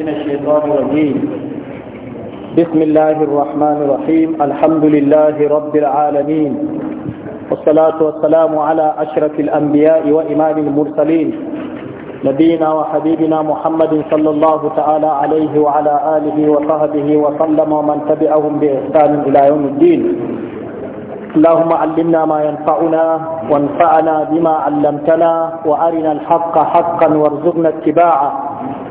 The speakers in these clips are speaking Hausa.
من الشيطان الرجيم بسم الله الرحمن الرحيم الحمد لله رب العالمين والصلاة والسلام على أشرف الأنبياء وإمام المرسلين نبينا وحبيبنا محمد صلى الله تعالى عليه وعلى آله وصحبه وسلم ومن تبعهم بإحسان إلى يوم الدين اللهم علمنا ما ينفعنا وانفعنا بما علمتنا وأرنا الحق حقا وارزقنا اتباعه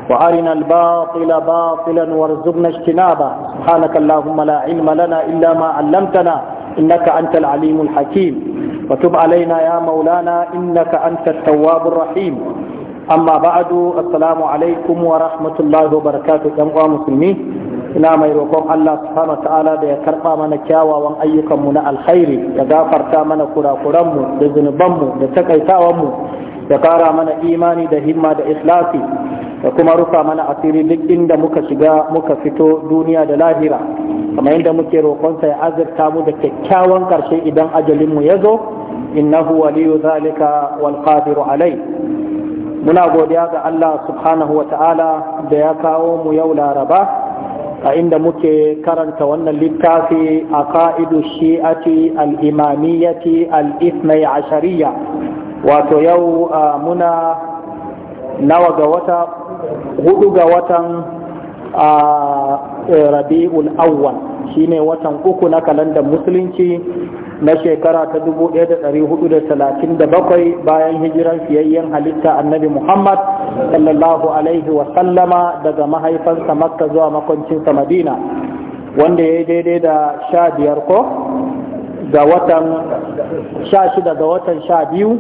وارنا الباطل باطلا وارزقنا اجتنابه سبحانك اللهم لا علم لنا الا ما علمتنا انك انت العليم الحكيم وتب علينا يا مولانا انك انت التواب الرحيم اما بعد السلام عليكم ورحمه الله وبركاته جميعا مسلمين ina mai roƙon Allah subhanahu ta'ala da ya karɓa mana kyawawan ayyukanmu na alkhairi ya gafarta mana kurakuranmu da zunubanmu da takaitawanmu ya ƙara mana imani da himma da ikhlasi da kuma rufa mana asiri duk inda muka shiga muka fito duniya da lahira kamar inda muke roƙonsa ya azurta mu da kyakkyawan ƙarshe idan ajalinmu ya zo innahu waliyu zalika wal qadiru alai muna godiya ga Allah subhanahu wa ta'ala da ya kawo mu yau laraba a inda muke karanta wannan littafi a ka'idu shi'ati al-imamiyyati al-ithnai ashariya wato yau muna nawa ga wata hudu ga watan e, rabi'ul awwal shine watan uku na kalandar musulunci na shekara ta 1437 bayan hijiran fiyayyen halitta annabi Muhammad sallallahu alaihi wa sallama daga mahaifansa Makka zuwa makoncinsa Madina wanda ya yi daidai da sha biyar ko ga watan sha shida ga watan sha biyu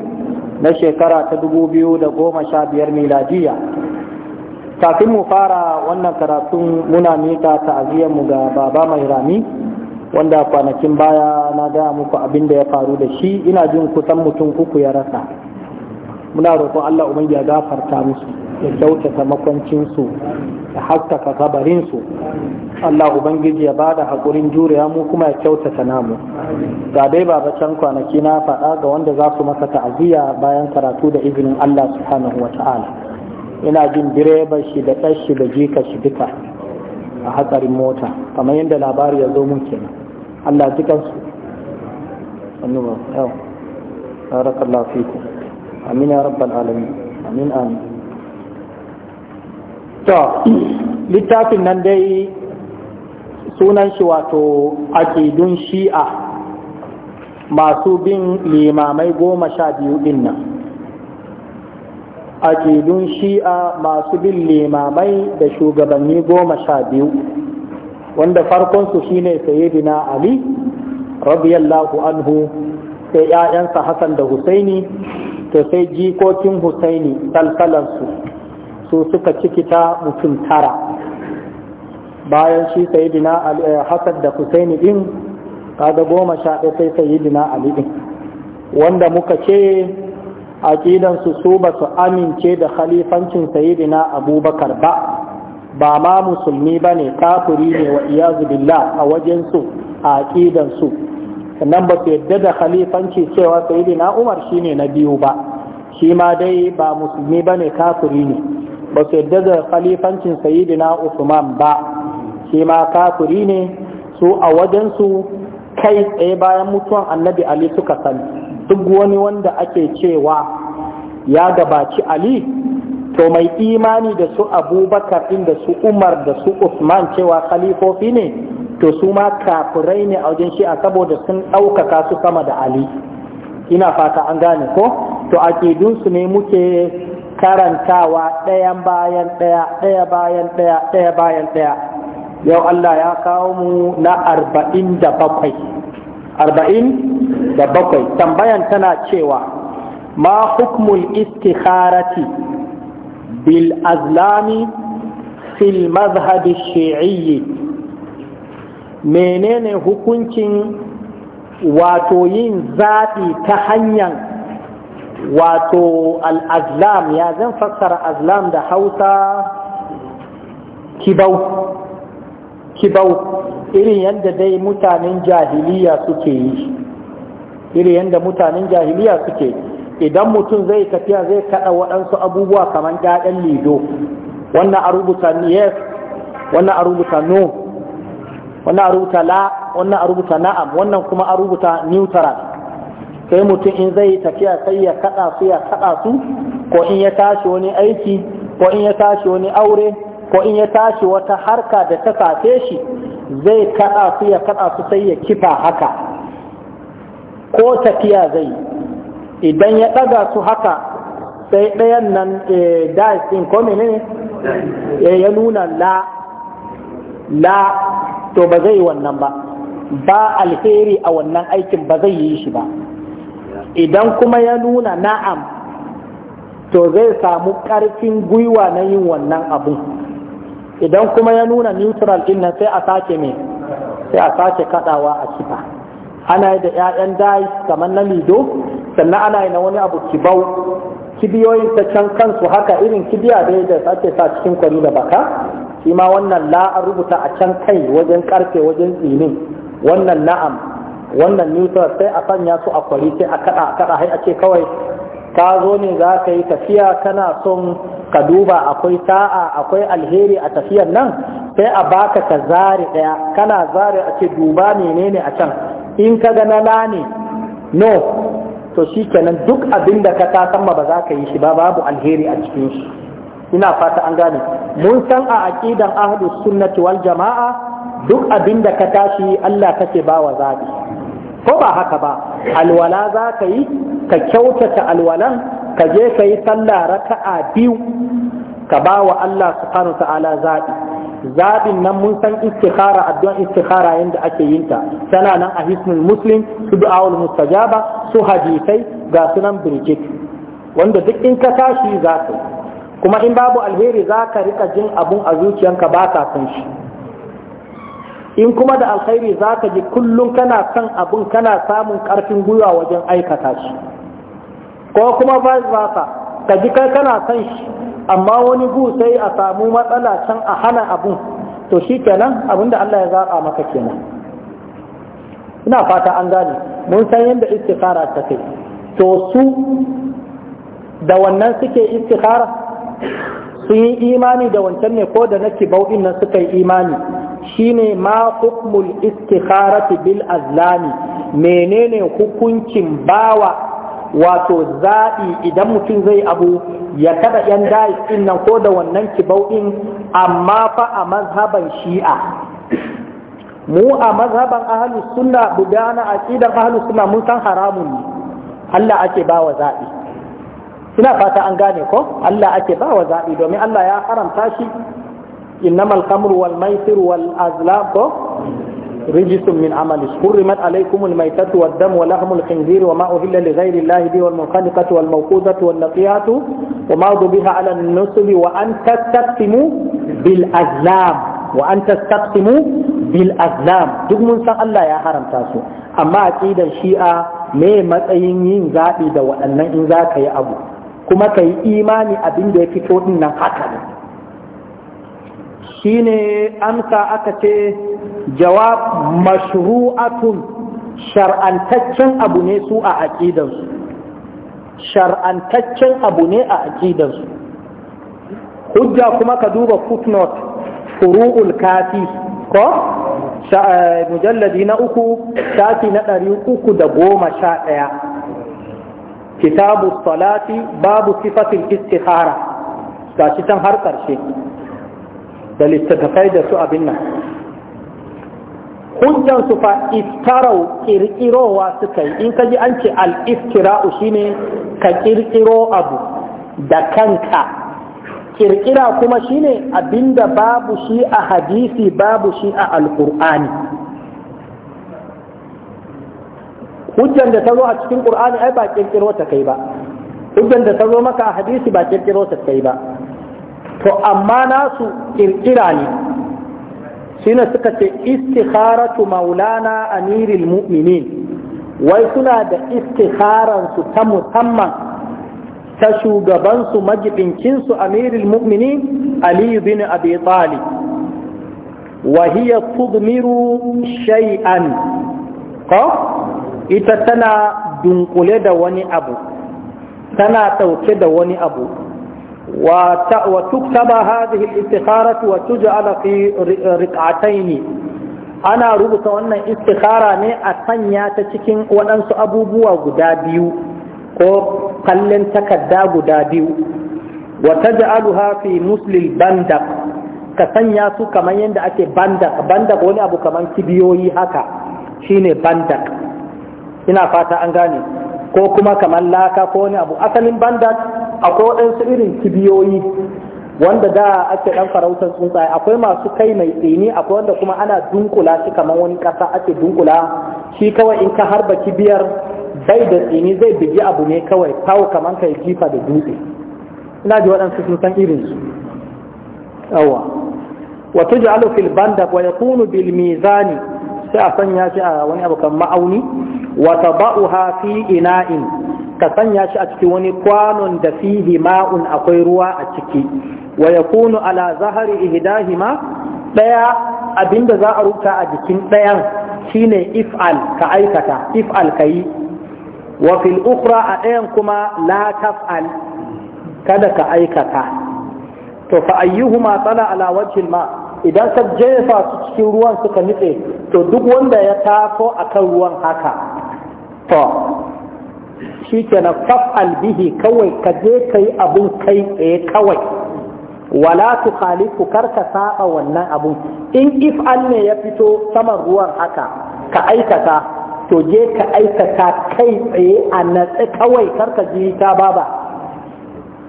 na shekara ta 2015 miladiya kafin mu fara wannan karatun muna mika mu ga baba mai rami wanda kwanakin baya na gaya muku abin da ya faru da shi ina jin kusan mutum uku ya rasa muna roƙon Allah ubangi ya gafarta musu ya kyautata makwancinsu ya haskaka kabarinsu Allah ubangiji ya ba da haƙurin juriya mu kuma ya kyautata namu ga dai baba can kwanaki na faɗa ga wanda za su masa ta'aziyya bayan karatu da izinin Allah subhanahu wa ta'ala ina jin direban shi da tsashi da jika shi duka a hatsarin mota kamar yadda labari ya zo mun kenan Allah su sannu ba yau barakallahu fiku amin ya rabbal alamin amin amin to littafin nan dai sunan shi wato akidun shi'a masu bin limamai goma sha biyu din nan aƙidun shi'a masu bin limamai da shugabanni goma sha biyu wanda farkonsu shine sayidina ali radiyallahu anhu sai 'ya'yansa hassan da husaini to sai jikokin husaini salsalansu su suka cikita mutum tara bayan shi sayyidina eh, hassan da husaini din kaga goma sha sai sayidina ali din wanda muka ce aƙidansu su ba su amince da khalifancin sayidina abubakar ba ba ma musulmi ba ne kafiri ne wa iyazu billah a wajensu a aƙidansu sannan ba su yadda da khalifanci cewa sayidina umar shine na biyu ba shi ma dai ba musulmi ba ne kafiri ne ba su yadda da khalifancin sayidina usman ba shi ma kafiri ne su a wajensu kai tsaye bayan mutuwan annabi ali suka sani duk wani wanda ake cewa ya gabaci ali to mai imani da su abubakar ɗin da su umar da su usman cewa khalifofi ne to su ma kafirai ne a wajen shi'a saboda sun ɗaukaka su sama da ali ina fata an gane ko to a aƙidunsu ne muke karantawa ɗaya bayan ɗaya ɗaya bayan ɗaya ɗaya bayan ɗaya yau Allah ya kawo mu na arba'in da bakwai arba'in da bakwai tambayan tana cewa ma hukmul istikharati bil azlami fil mazhabi shi'iyyi menene hukuncin wato yin zaɓi ta hanyar wato al al'azlam ya zan fassara azlam da hausa kibau kibau irin yadda dai mutanen jahiliya suke yi iri yadda mutanen jahiliya suke idan mutum zai tafiya zai kada waɗansu abubuwa kamar ɗaɗen lido wannan a rubuta yes wannan a rubuta no wannan a rubuta la wannan a rubuta na'am wannan kuma a rubuta neutral sai mutum in zai tafiya sai ya kada su ya kada su ko in ya tashi wani aiki ko in ya tashi wani aure ko in ya tashi wata harka da ta safe shi zai kada su ya kada su sai ya kifa haka ko tafiya zai idan ya ɗaga su haka sai ɗayan nan eh, da ɗin ko ne eh, ya nuna la la to ba zai wannan ba ba alheri a wannan aikin ba zai yi shi ba idan kuma ya nuna na'am to zai samu ƙarfin gwiwa na yin wannan abu idan kuma ya nuna neutral din nan sai a sake mai sai a sake kaɗawa a kifa. ana yi da 'ya'yan dai kamar na lido sannan ana yi na wani abu kibau kibiyoyin ta can kansu haka irin kibiya ya da ake sa cikin kwari da baka shi ma wannan la a rubuta a can kai wajen karfe wajen tsinin wannan na'am wannan neutral sai a sanya su a kwari sai a kada a kada ce kawai ka zo ne za ka yi tafiya kana son ka duba akwai sa'a akwai alheri a tafiyar nan sai a baka ka zare daya kana zare a ce duba menene a can in ka ga na ne no to shi kenan duk abin da ka ta sama ba za ka yi shi ba babu alheri a cikin shi ina fata an gane mun san a aqidan ahlu sunnati wal jama'a duk abin da ka tashi Allah kake ba wa zabi ko ba haka ba alwala za ka yi ka kyautata alwalan ka je ka yi sallah raka'a biyu ka ba wa Allah subhanahu ta'ala zabi zabin nan mun san istikhara addu'an istikhara yanda ake yin ta tana nan a hisnul muslim su du'aul mustajaba su hadisai ga sunan birjit wanda duk in ka tashi za ka kuma in babu alheri za ka rika jin abun a zuciyanka ba ka san shi in kuma da alheri za ka ji kullum kana san abun kana samun karfin gwiwa wajen aikata shi ko kuma ba ka ji kai kana san shi amma wani gu sai a samu matsala can a hana abun to shi kenan abinda Allah ya zaɓa maka kenan ina fata an gane mun san yadda istikhara ta kai to su da wannan suke istikhara sun yi imani da wancan ne ko da na kibauɗin nan suka yi imani shine ma hukmul istikharati bil azlami menene hukuncin bawa wato zaɓi idan mutum zai abu ya kada yan da'is din nan ko da wannan kibauin amma fa a mazhaban shi'a mu a mazhaban ahlus sunna budana aqidar ahlus sunna mun san haramun ne Allah ake bawa zabi ina fata an gane ko Allah ake bawa zabi domin Allah ya haramta shi innamal khamru wal maisir wal azlam ko رجس من عمل حرمت عليكم الميتة والدم ولحم الخنزير وما أهل لغير الله به والمنخنقة والموقوذة والنقيعة وما بها على النسب وأن تستقسموا بالأزلام وأن تستقسموا بالأزلام duk mun san Allah ya haramta su amma aqidar shi'a me matsayin yin zaɓi da waɗannan in za ka yi abu kuma ka yi imani abin da ya fito ɗin nan haka ne shine amsa aka ce jawab mashru'atun shar'antaccen abu ne su a aqidansu shar'antaccen abu ne a aqidansu hujja kuma ka duba footnote furu'ul kafi ko eh, mujalladi na uku shafi na ɗari uku da goma sha ɗaya kitabu salati babu sifatin istihara shi can har ƙarshe da littattafai da su abin nan hujjansu fa iftarau kirkirowa suka yi in kaji an ce al-iftira'u shine ka kirkiro abu da kanka kirkira kuma shine abinda babu shi a hadisi babu shi a alkur'ani hujjan da ta zo a cikin qur'ani ai ba kirkiro ta kai ba hujjan da ta zo maka a hadisi ba kirkiro ta kai ba to amma nasu ƙirƙira ne shine suka ce istikharatu maulana amiril mu'minin wai suna da istikharansu ta musamman ta shugabansu majibincinsu amiril mu'minin Aliyu bin abi talib wa hiya tudmiru shay'an ko ita tana dunkule da wani abu tana ɗauke da wani abu وتكتب هذه الاستخارة وتجعل في رقعتين ana rubuta wannan istikhara ne a sanya ta cikin waɗansu abubuwa guda biyu ko kallon takarda guda biyu wa taj'aluha fi muslil bandak ka sanya su kamar yadda ake bandak bandak wani abu kamar kibiyoyi haka shine bandak ina fata an gane ko kuma kamar laka ko wani abu asalin bandak akwai waɗansu irin kibiyoyi wanda da ake ɗan farautar tsuntsaye akwai masu kai mai tsini akwai wanda kuma ana dunkula shi kamar wani ƙasa ake dunkula shi kawai in ka harba kibiyar bai da tsini zai bigi abu ne kawai kawo kamar ka yi jifa da dutse ina ji waɗansu sun san irin su yawa wa ji fil bandab wa kunu bilmizani sai a sanya shi a wani abu kan ma'auni ba'u tada'uha fi ina'in ka sanya shi a cikin wani kwanon da fihi ma'un akwai ruwa a ciki wa yakunu ala zahari ihdahima daya abinda za a rubuta a jikin dayan shine if'al ka aikata if'al kayi wa fil ukhra a dayan kuma la taf'al kada ka aikata to fa ayyuhuma tala ala wajhil ma' idan ka jefa su cikin ruwan suka nitse to duk wanda ya tafo a kan ruwan haka to shi kenan faf'al bihi kawai ka je ka yi abun kai tsaye kawai wala tu khalifu kar ka saba wannan abun in if'al ne ya fito saman ruwan haka ka aikata to je ka aikata kai tsaye a natsi kawai kar ka ji ta baba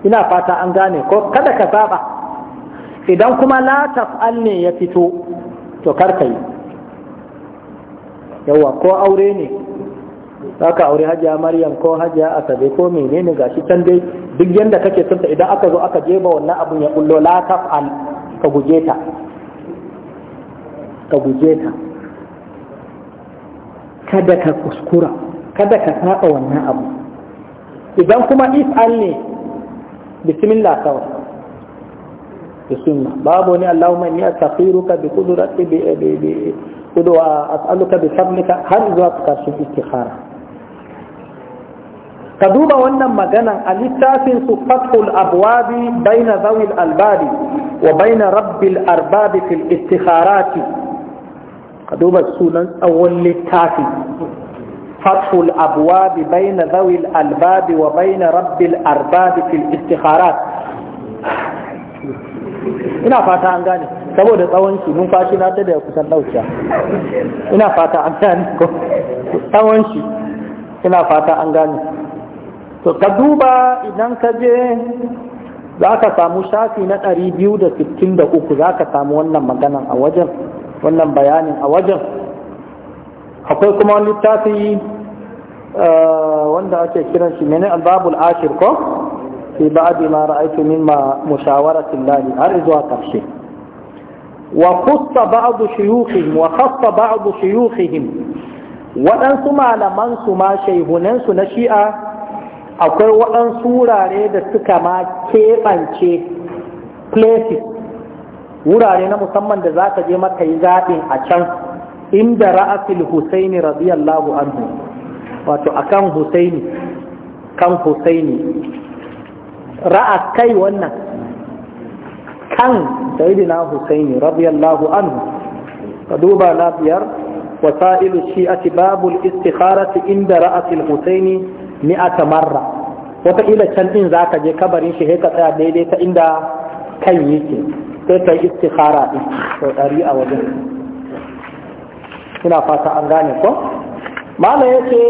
ina fata an gane ko kada ka saba idan kuma la taf'al ne ya fito to kar ka yi yawa ko aure ne za ka aure hajiya maryam ko hajiya asabe ko menene gashi can dai duk yanda kake tunta idan aka zo aka jeba wannan abun ya kullo la taf'al ka guje ta ka guje ta kada ka kuskura kada ka saba wannan abu idan kuma an ne bismillah kawai bismillah babu ne allahumma inni astaghfiruka bi qudrati bi bi qudwa as'aluka bi fadlika har zuwa karshen istikhara ka duba wannan maganan a littafin su fathul abwabi baina zawil albabi wa baina rabbil arbabi fil istikharati ka duba sunan tsawon littafi fathul abwabi baina zawil albabi wa baina rabbil arbabi fil istikharat ina fata an gane saboda tsawon shi numfashi na ta da kusan daukiya ina fata an gane ko tsawon shi ina fata an gane to ka duba idan ka je za ka samu shafi na ɗari biyu da da uku za ka samu wannan maganan a wajen wannan bayanin a wajen akwai kuma wani littafi eh, wanda ake kiran shi mene albabul ashir ko fi ba'di ma ra'aytu mimma mushawaratin lahi har zuwa karshe wa khassa ba'd shuyukhihim wa khassa ba'd shuyukhihim waɗansu malaman su ma su na shi'a akwai waɗansu wurare da suka ma keɓance places wurare na musamman da za ka je maka yi zaɓin a can inda ra'asil husaini radiyallahu anhu wato a kan husaini kan husaini ra'as kai wannan kan sayyidina husaini radiyallahu anhu ka duba na biyar وسائل الشيعة باب الاستخارة عند رأس الحسين mi'ata marra wataƙila can ɗin za ka je kabarin shi ka tsaya daidai ta inda kan yake sai ka yi istikhara ɗin sau ɗari a wajen ina fata an gane ko mala ya ce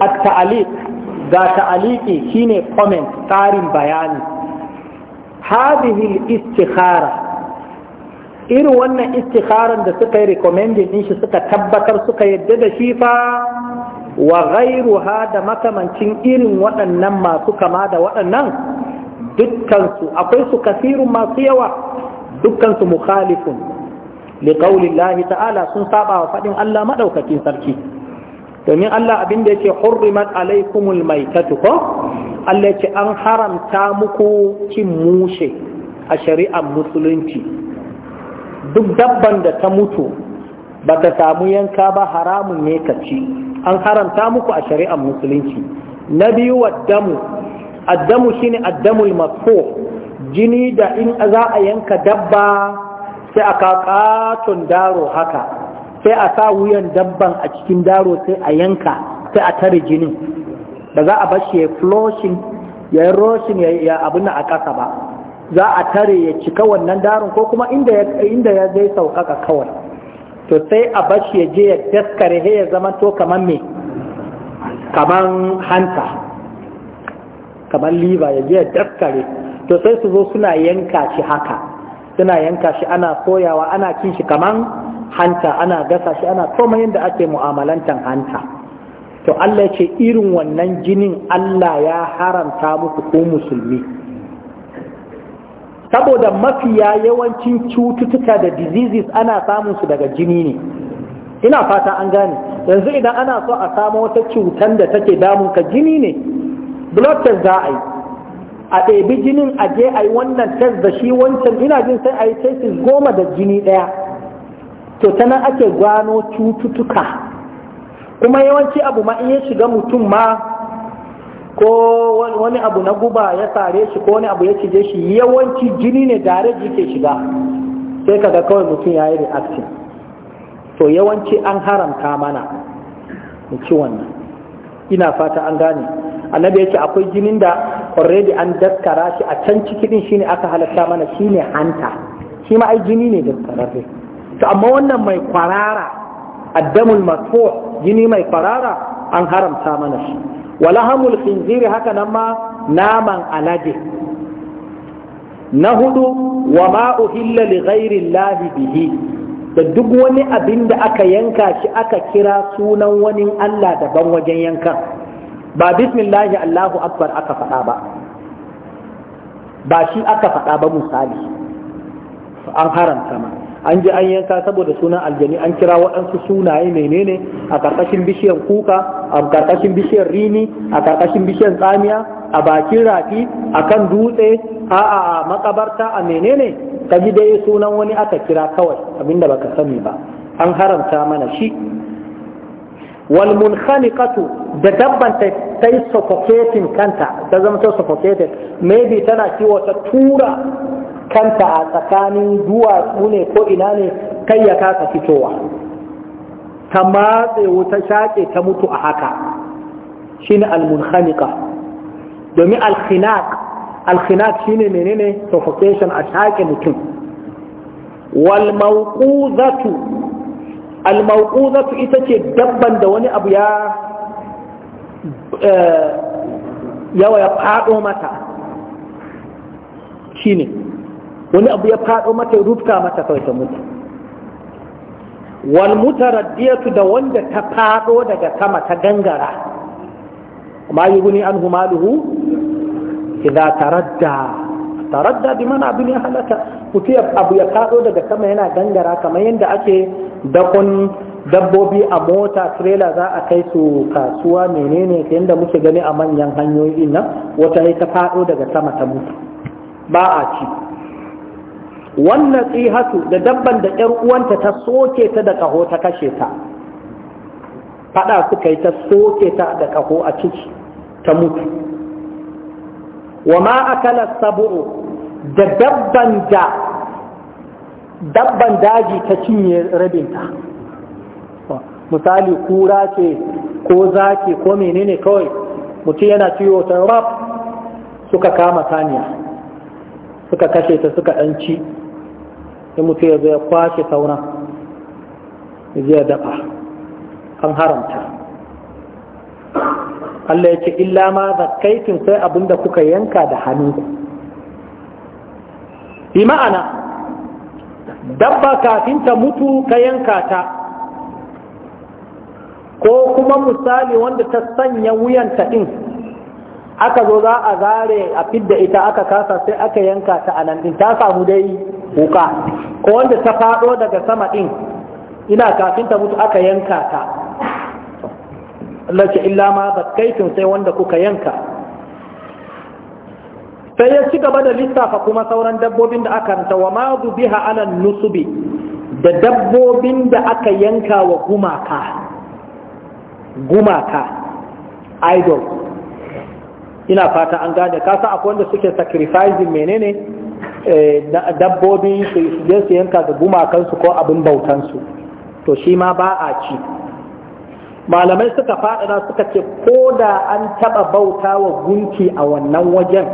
a ta'aliq ga ta'aliki shine comment tsarin bayani hadhihi istikhara irin wannan istikharan da suka yi recommending din shi suka tabbatar suka yadda da shi fa wa ha da makamancin irin waɗannan masu kama da waɗannan dukkansu akwai su kasirun masu yawa dukkansu mukhalifun li qaulillahi ta'ala sun saba wa fadin Allah madaukakin sarki domin Allah abin da yake hurrimat alaikumul maitatu ko Allah yake an haramta muku kin mushe a shari'ar musulunci duk dabban da ta mutu ba ta samu yanka ba haramun ne ka ci an haramta muku a shari'ar musulunci na biyu waddamu addamu shine addamul Makfu. jini da in za a yanka dabba sai a kakatun daro haka sai a sa wuyan dabban a cikin daro sai a yanka sai a tare jinin da za a bashi ya flushing ya yi roshin ya abin a ƙasa ba za a tare ya cika wannan darin ko kuma inda ya zai sauƙaƙa kawai to sai a bashi ya je ya daskare he ya zama to kamar me kamar hanta kamar liba ya je ya daskare to sai su zo suna yanka shi haka suna yanka shi ana soyawa ana kin shi kamar hanta ana gasa shi ana komai yadda ake mu'amalantar hanta to Allah ce irin wannan jinin Allah ya haramta muku ko musulmi saboda mafiya yawancin cututtuka da diseases ana samun su daga jini ne ina fata an gane yanzu idan ana so a samu wata cutar da take damun ka jini ne blood test za a yi a ɗebi jinin a je a yi wannan test da shi wancan ina jin sai a yi testis goma da jini ɗaya to ta nan ake gano cututtuka kuma yawanci abu ma in ya shiga mutum ma ko wani abu na guba ya sare shi ko wani abu ya cije shi yawanci jini ne dare yake shiga sai kaga kawai mutum ya yi reaction to yawanci an haramta mana mu ci wannan ina fata an gane annabi yake akwai jinin da already an daskara shi a can ciki din shine aka halatta mana shine hanta shi ma ai jini ne daskararre to amma wannan mai kwarara addamul masfuh jini mai kwarara an haramta mana shi wala hamul khinziri haka nan ma naman alade na hudu wa ma uhilla li bihi da duk wani abin da aka yanka shi aka kira sunan wani Allah daban wajen yankan ba bismillahi Allahu akbar aka faɗa ba ba shi aka faɗa ba misali an haramta ma an ji an yanka saboda sunan aljani an kira waɗansu sunaye menene a ƙarƙashin bishiyar kuka a ƙarƙashin bishiyar rini a ƙarƙashin bishiyar tsamiya a bakin rafi a kan dutse a a makabarta a menene ka ji dai sunan wani aka kira kawai abinda baka sani ba an haramta mana shi wal munkhaniqatu da dabban ta yi suffocating kanta ta zama ta suffocated maybe tana ciwo ta tura kanta a tsakanin duwatsu ne ko ina ne kai ya kasa fitowa ta matse wuta shaƙe ta mutu a haka shine almunhanika domin alkhinaq alkhinaq shine menene suffocation a shaƙe mutum wal mauƙuzatu al ita ce dabban da wani abu ya eh, yawa ya faɗo mata shine wani abu ya faɗo mata rufta mata kawai ta mutu wal mutaraddiyatu da wanda ta faɗo daga sama ta gangara ma yughni anhu maluhu idza taradda taradda bi mana abin ya halaka mutu abu ya faɗo daga sama yana gangara kamar yadda ake dakon dabbobi a mota trailer za a kai su kasuwa menene yadda muke gani a manyan hanyoyi nan wata ne ta faɗo daga sama ta mutu ba a ci wannan tsihatu da dabban da ‘yar uwanta ta soke ta da ƙaho ta kashe ta faɗa suka yi ta soke ta da ƙaho a ciki ta mutu wa ma akala saburo da dabban da dabban daji ta cinye rabinta misali kura ce ko zaki ko menene kawai mutum yana ciwo ta rab suka kama saniya suka kashe ta suka ɗanci ya mutu ya zo ya kwashe sauran zai daɓa an haramta Allah ya ce illa ma zakaitun sai abinda kuka yanka da hannunku bi ma'ana dabba kafin ta mutu ka yanka ta ko kuma misali wanda ta sanya wuyanta ɗin aka zo za a zare a fidda ita aka kasa sai aka yanka ta anan din ta samu dai wuka ko wanda ta fado daga sama ɗin ina kafin ta mutu aka yanka ta Allah ce illa ma zakkaitun sai wanda kuka yanka sai ya ci gaba da lissafa kuma sauran dabbobin da aka ranta wa ma biha ala nusubi da dabbobin da aka yanka wa gumaka gumaka idol ina fata an gane kasa akwai wanda suke sacrificing menene eh, dabbobin su je su yanka da gumakansu ko abin bautansu to shi ma ba a ci malamai suka faɗaɗa suka ce ko da an taɓa bauta wa gunki a wannan wajen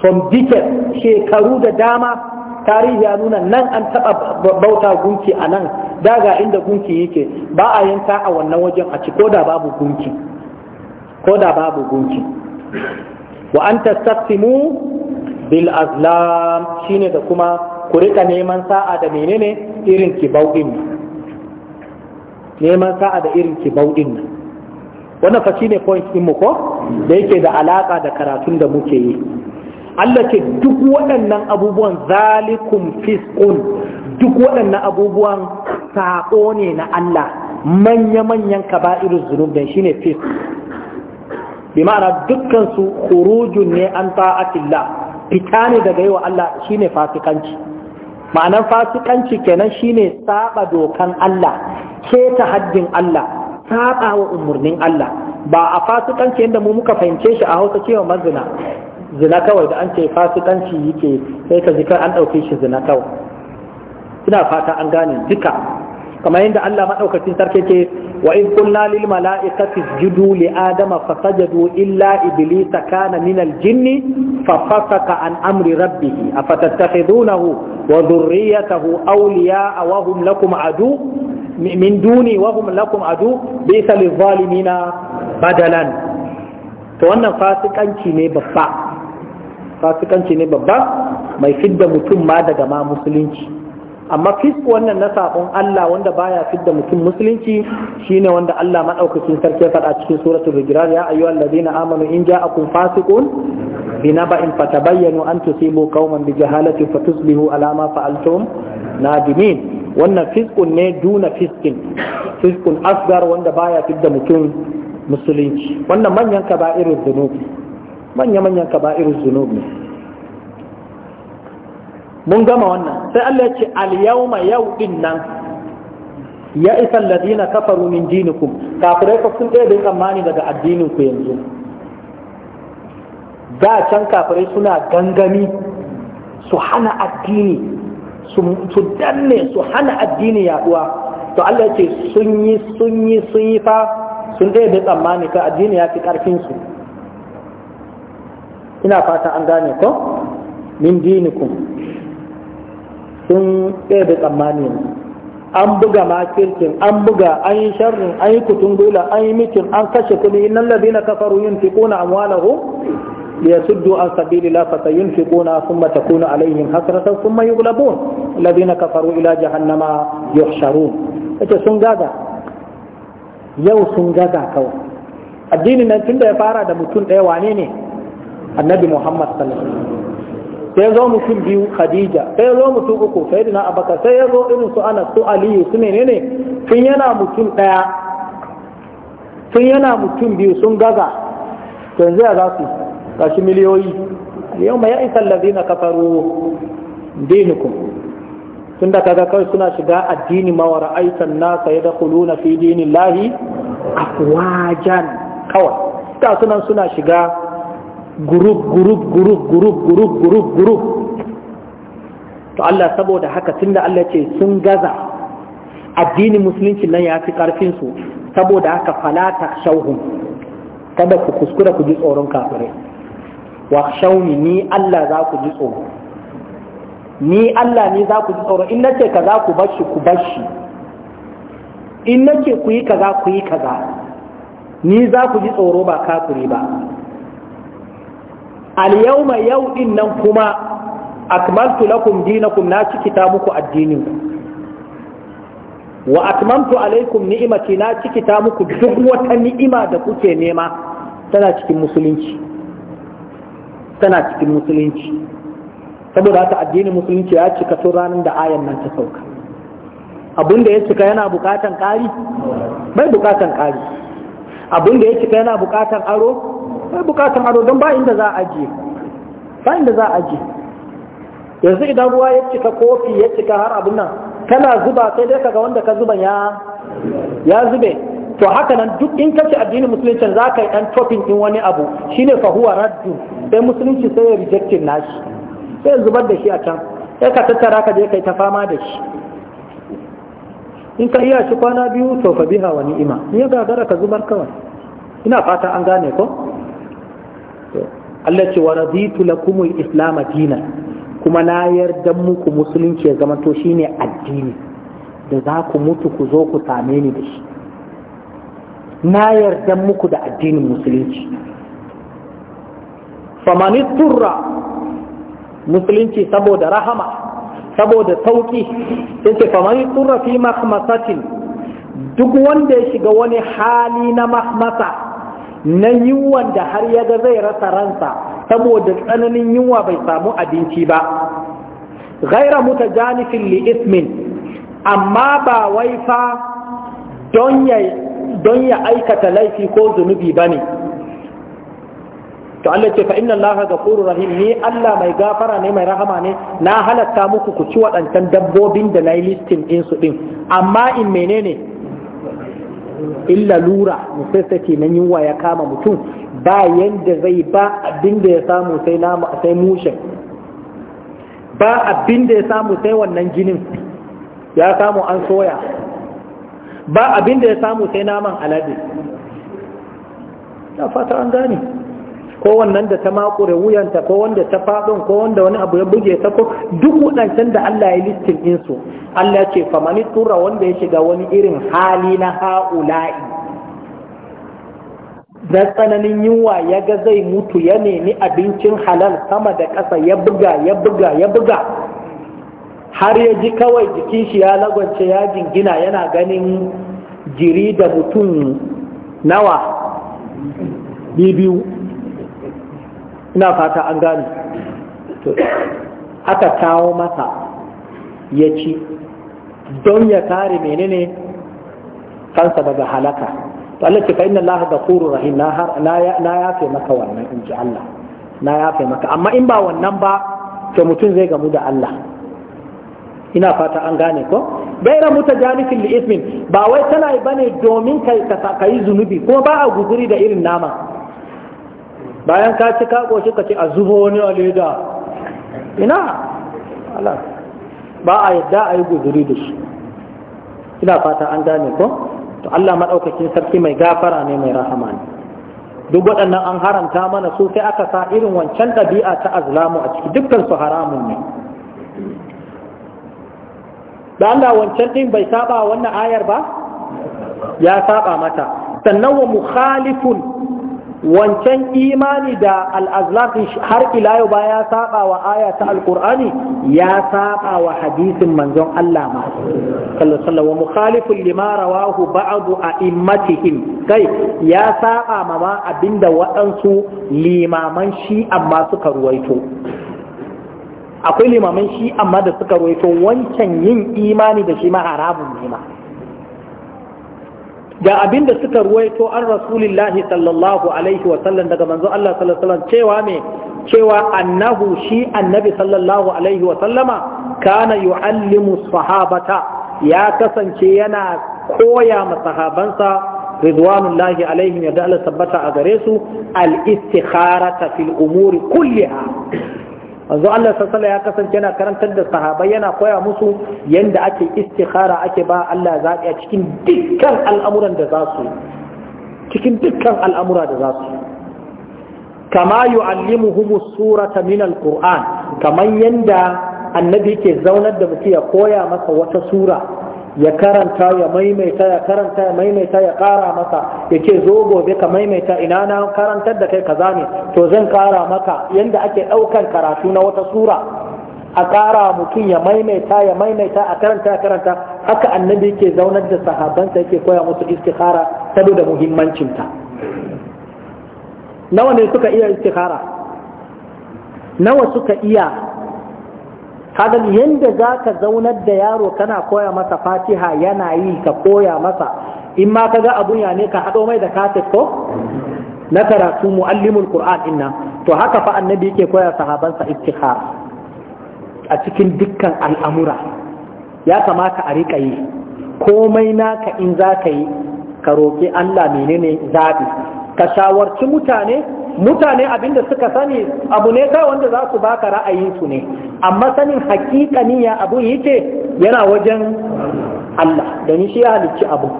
from decades shekaru da dama tarihi ya nuna nan an taɓa bauta gunki a nan daga inda gunki yake ba a yanka a wannan wajen a ci ko da babu gunki ko da babu gunki wa an mu bil azlam shine da kuma ku rika neman sa'a da menene irin kibau neman sa'a da irin kibau nan wannan fa shine point din mu ko da yake da alaka da karatun da muke yi Allah ce duk waɗannan abubuwan zalikum fiskun duk waɗannan abubuwan saƙo ne na Allah manya-manyan irin zunubin shine fisk bi ma'ana dukkan su khurujun ne an ta'atillah fita ne daga yawa Allah shine fasikanci ma'anan fasikanci kenan shine saba dokan Allah keta haddin Allah saba wa umurnin Allah ba a fasikanci yadda mu muka fahimce shi a Hausa cewa mazina zina kawai da an ce fasikanci yake sai ka ji an ɗauke shi zina kawai ina fata an gane duka kamar yadda Allah madaukakin sarki ce wa in qulna lil mala'ikati isjudu li adama fasajadu illa iblisa kana min al jinni fa fasaka an amri rabbih afatattakhidunahu wa dhurriyyatahu awliya'a wa hum lakum adu min duni wa hum lakum adu bisa lil zalimina badalan to wannan fasikanci ne babba fasikanci ne babba mai fidda mutum ma daga ma musulunci amma fisk wannan na sabon Allah wanda baya fidda mutum musulunci shine wanda Allah madaukakin sarki faɗa cikin suratul hijran ya ayyuhal ladina amanu in ja'akum fasiqun binaba'in fatabayyanu an tusibu qauman bijahalatin fatusbihu ala ma fa'altum nadimin wannan fiskun ne duna fiskin fiskun asgar wanda baya fidda mutum musulunci wannan manyan kaba'irin zunubi manya manyan kaba'irin zunubi mun gama wannan sai Allah ya ce al-yawma yau din nan ya isa alladhina kafaru min dinikum kafirai ko sun ɗaya da tsammani daga addinin ku yanzu da can kafirai suna gangami su hana addini su danne su hana addini yaduwa to Allah ya ce sun yi sun yi sun yi fa sun ɗaya da tsammani ka addini ya fi karfin su ina fata an gane ko min dinikum sun ɗaya tsammani an buga makirkin an buga an yi sharrin an yi kutun dula an yi mikin an kashe kuɗi innan ladina kafaru yin fiƙuna amwalahu ليسدوا عن sun الله فسينفقون alaihin تكون sun حسرة ثم يغلبون kafaru ila jahannama ya يحشرون ita sun gaza yau sun gaza kawai addinin nan tun da ya fara da mutum ɗaya wane ne annabi muhammad sallallahu alaihi sai zo mutum biyu khadija sai zo mutum uku sai dina abaka sai ya zo irin su ana su aliyu su menene sun yana mutum daya sun yana mutum biyu sun gaza yanzu ya za su kashi miliyoyi yau mai ya isa lazina kafaru dinukum tun da kaga kawai suna shiga addini mawara aitan nasa ya dakhuluna fi dinillahi afwajan kawai ta sunan suna shiga gurub gurub gurub gurub gurub gurub gurub to Allah saboda haka tunda Allah ce sun gaza addinin musulunci nan ya fi karfin su saboda haka fala shauhun. kada ku kuskura ku ji tsoron kafirai wa shauni ni Allah za ku ji tsoro ni Allah ni za ku ji tsoro in nace kaza ku bashi ku bashi in nace ku yi kaza ku yi kaza ni za ku ji tsoro ba kafiri ba al-yawma yau din nan kuma akmaltu lakum dinakum na cikita muku addinin wa atmamtu alaikum ni'imati na cikita muku duk wata ni'ima da kuke nema tana cikin musulunci tana cikin musulunci saboda haka addinin musulunci ya cika tun ranar da ayan nan ta sauka abin da ya cika yana bukatan kari bai bukatan kari abin da ya cika yana bukatan aro sai bukatun ado don ba inda za a ajiye ba inda za a ajiye yanzu idan ruwa ya cika kofi ya cika har abin nan kana zuba sai dai kaga wanda ka zuba ya ya zube to haka nan duk in kace addinin musulunci za ka yi dan topping din wani abu shine fa huwa raddu sai musulunci sai ya rejectin nashi sai zubar da shi a can sai ka tattara ka je kai ta fama da shi in ka iya shi kwana biyu to fa biha wa ni'ima in ya gagara ka zubar kawai ina fata an gane ko Allah ce wa raditu lakumul islam dinan kuma na yarda muku musulunci ya zama to shine addini da za ku mutu ku zo ku same ni da shi na yarda muku da addinin musulunci famani turra musulunci saboda rahama saboda sauki sai ce famani turra fi mahmasatin duk wanda ya shiga wani hali na mahmasa na yunwan da har ya ga zai rasa ransa saboda tsananin yunwa bai samu abinci ba ghaira muta li ismin amma ba wai fa don ya aikata laifi ko zunubi ba ne to Allah ce fa inna Allah ghafurur rahim ni Allah mai gafara ne mai rahama ne na halatta muku ku ci waɗancan dabbobin da na yi listin ɗinsu ɗin amma in menene illa lura necessity na yunwa ya kama mutum ba yanda zai ba abin da ya samu sai nama sai mushin ba abin da ya samu sai wannan jinin ya samu an soya ba abin da ya samu sai naman alade na fata an gane ko wannan da ta makure wuyanta ko wanda ta faɗon ko wanda wani abu ya buge ta ko duk wadancan da Allah ya listin su Allah ya ce famani tura wanda ya shiga wani irin hali na ha'ula'i da tsananin yunwa ya ga zai mutu ya nemi abincin halal sama da ƙasa ya buga ya buga ya buga har ya ji kawai jikin shi ya lagwance ya jingina yana ganin jiri da mutum nawa bibiyu ina fata an gane aka kawo masa ya ci don ya kare menene kansa daga halaka to Allah ce fa inna Allah ghafurur rahim na har na yafe maka wannan in ji Allah na yafe maka amma in ba wannan ba to mutum zai gamu da Allah ina fata an gane ko gaira mutajanifin li ismin ba wai tana bane domin kai ka zunubi ko ba a guguri da irin nama bayan ka ci ka koshi ka ce a zubo wani a leda ina ba a yadda a yi guzuri da shi ina fata an gane ko to Allah madaukakin sarki mai gafara ne mai rahama ne duk waɗannan an haramta mana su sai aka sa irin wancan ɗabi'a ta azlamu a ciki dukkan su haramun ne da Allah wancan ɗin bai saba wannan ayar ba ya saba mata sannan wa mukhalifun wancan imani da al'azlafi har ila yau ba ya saba wa aya ta alkur'ani ya saba wa hadisin manzon Allah ma sallallahu wa mukhalifun lima rawahu a a'immatihim kai ya saba ma ma abinda waɗansu limaman shi amma suka ruwaito akwai limaman shi amma da suka ruwaito wancan yin imani da shi ma haramun ne ma ga abin da suka ruwaito an rasulillahi sallallahu alaihi wa sallam daga manzo Allah sallallahu alaihi wasallam cewa me cewa annahu shi annabi sallallahu alaihi wa sallama kana yu'allimu sahabata ya kasance yana koya ma sahabansa ridwanullahi alaihim yadda Allah tabbata a gare su al-istikharata fil umuri kulliha yanzu Allah sallallahu ya kasance yana karantar da sahabai yana koya musu yanda ake istikhara ake ba Allah zaɓi a cikin dukkan al'amuran da za su cikin dukkan al'amura da za su kama yu'allimuhum surata min al-Qur'an kamar yanda annabi ke zaunar da mutum ya koya masa wata sura ya karanta ya maimaita ya karanta ya maimaita ya ƙara maka ya ce zo gobe ka maimaita ina na karantar da kai kaza ne to zan kara maka yadda ake ɗaukan karatu na wata sura a kara mutum ya maimaita ya maimaita a karanta ya karanta haka annabi yake zaunar da sahabbansa yake koya musu istikhara saboda muhimmancinta nawa ne suka iya istikhara nawa suka iya kadan yanda za ka zaunar da yaro kana koya masa fatiha yana yi ka koya masa in ma ka ga abun ya ne ka haɗo mai da kaset ko na karatu muallimul qur'an inna to haka fa annabi yake koya sahabansa istikhara a cikin dukkan al'amura ya kamata a rika yi komai naka in za ka yi ka roƙi Allah menene zaɓi ka shawarci mutane mutane abinda suka sani abu ne kai wanda za su baka ra'ayin su ne amma sanin hakikani ya abu yake yana wajen Allah da ni shi ya halicci abu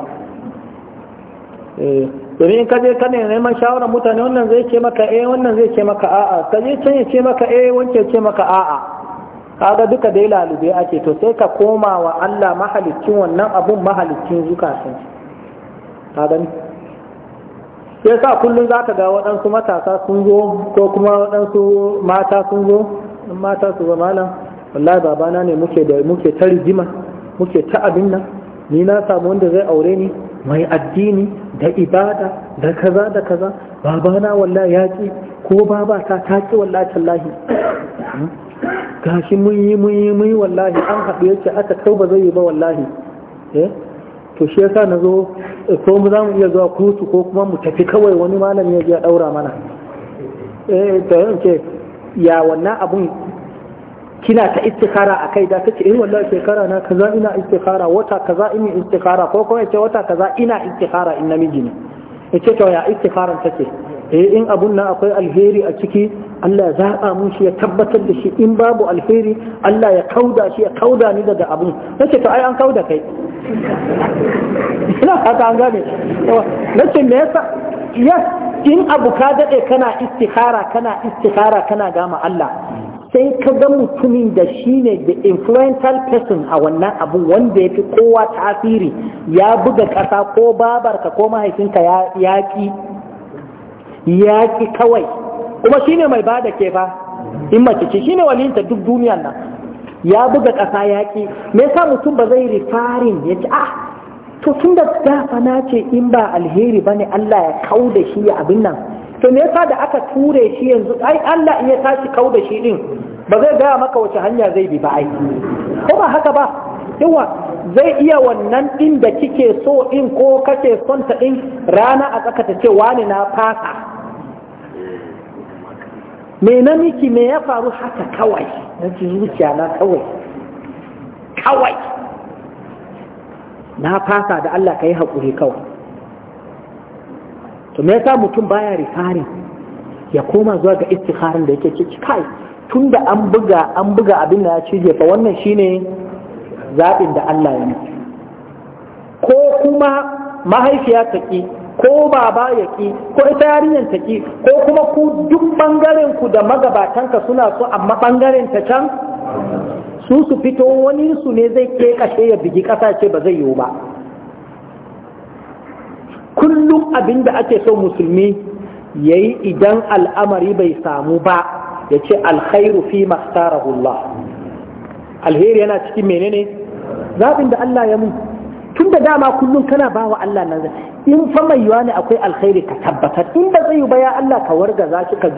eh, domin in kaje ka neman shawarar mutane wannan zai ce maka eh wannan zai ce maka a'a ka je can ya ce maka eh wanke ce maka a'a kaga duka dai lalube ake to sai ka koma wa Allah mahalicin wannan abun mahalicin zukatan ka gani sai sa kullum za ka ga waɗansu matasa sun zo ko kuma waɗansu mata sun zo in mata su ga malam wallahi babana ne muke da muke ta rigima muke ta abin nan ni na samu wanda zai aure ni mai addini da ibada da kaza da kaza babana wallahi ya ce ko baba ta ta ki wallahi tallahi hmm? gashi mun yi mun yi mun yi wallahi an haɗu yake aka kau ba zai yi ba wallahi eh to shi yasa na zo ko mu za mu iya zuwa kutu ko kuma mu tafi kawai wani malami ya ya daura mana eh to ce ya wannan abun kina ta istikhara a kai da ta ce eh wallahi shekara na kaza ina istikhara wata kaza ina istikhara ko kuma ce wata kaza ina istikhara in namiji ne ya ce to ya istikharan take eh in abun nan akwai alheri a ciki Allah ya zaɓa mun shi ya tabbatar da shi in babu alheri Allah ya kauda shi ya kauda ni daga abin nace to ai an kauda kai ina haka an gane nace me yasa yes in abu ka daɗe kana istikhara kana istikhara kana gama Allah sai ka ga mutumin da shi ne the influential person a wannan abu wanda ya fi kowa tasiri ya buga ƙasa ko babarka ko mahaifinka ya yaƙi yaƙi kawai kuma shine mai bada ke fa in mace ce shine walinta duk duniyan nan ya buga ƙasa yaƙi me yasa mutum ba zai rifarin ya ce ah to tun da dafa na ce in ba alheri ba ne Allah ya kau da shi ya abin nan to me yasa da aka ture shi yanzu ai Allah in ya tashi kau da shi din ba zai gaya maka wace hanya zai bi ba ai ko ba haka ba yawa zai iya wannan din da kike so in ko kake son ta din rana a tsaka ta ce wani na fasa me na miki me ya faru haka kawai na ci zuciya na kawai kawai na fasa da Allah ka yi haƙuri kawai to me yasa mutum baya rifari ya koma zuwa ga istikharin da yake ciki kai tun da an buga an buga abin da ya cije fa wannan shine zaɓin da Allah ya nufi ko kuma mahaifiya ta ƙi ko baba ya ki ko ita yarinyar ta ki ko kuma ku duk bangaren ku da magabatanka suna so amma bangaren ta can su su fito wani su ne zai ke kashe ya bigi kasa ce ba zai yiwu ba kullum abin da ake so musulmi ya yi idan al'amari bai samu ba yace ce alkhairu fi mastarahullah alheri yana cikin menene zaɓin da Allah ya mun tun da dama kullum kana ba wa Allah nan in fa mai yiwa ne akwai alkhairi ka tabbatar in ba zai yi ba ya Allah ka warga za ka